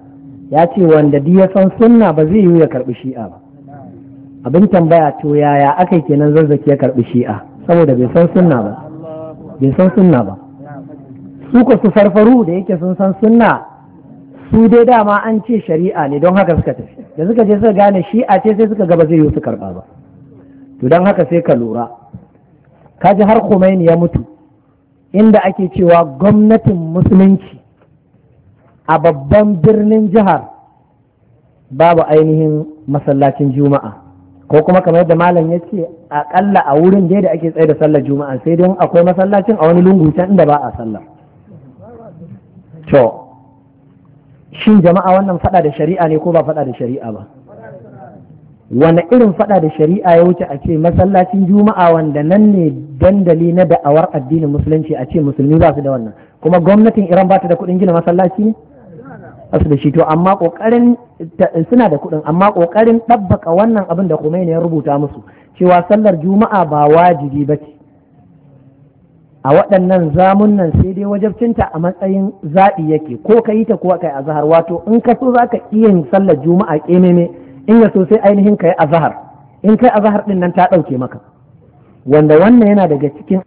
ya ce wanda duk ya san sunna ba zai yi ya karɓi shi'a ba abin tambaya to yaya aka kenan zazzaki ya karɓi shi'a saboda bai san sunna ba bai san sunna ba su ko su farfaru da yake sun san sunna su dai dama an ce shari'a ne don haka suka tafi da suka je suka gane shi'a ce sai suka gaba zai yi su karɓa ba to don haka sai ka lura kaji har Khomeini ya mutu inda ake cewa gwamnatin musulunci a babban birnin jihar babu ainihin masallacin juma'a ko kuma kamar yadda malam ya ce ƙalla a wurin dai da ake tsaye da sallar juma'a sai dai akwai masallacin a wani lungu can inda ba a sallar to shin jama'a wannan fada da shari'a ne ko ba fada da shari'a ba wani irin faɗa da shari'a ya wuce a ce masallacin juma'a wanda nan ne dandali na da'awar addinin musulunci a ce musulmi ba su da wannan kuma gwamnatin iran ba ta da kuɗin gina masallaci ne su da shi to amma kokarin suna da kuɗin amma kokarin ɗabbaka wannan abin da kuma ya rubuta musu cewa sallar juma'a ba wajibi ba ce a waɗannan zamun nan sai dai wajabcinta a matsayin zaɓi yake ko ka yi ta kuwa kai a zahar wato in ka so za ka iya yin sallar juma'a ƙememe in ya so sai ainihin ka a zahar, in kai zahar din nan ta ɗauke maka wanda wannan yana daga cikin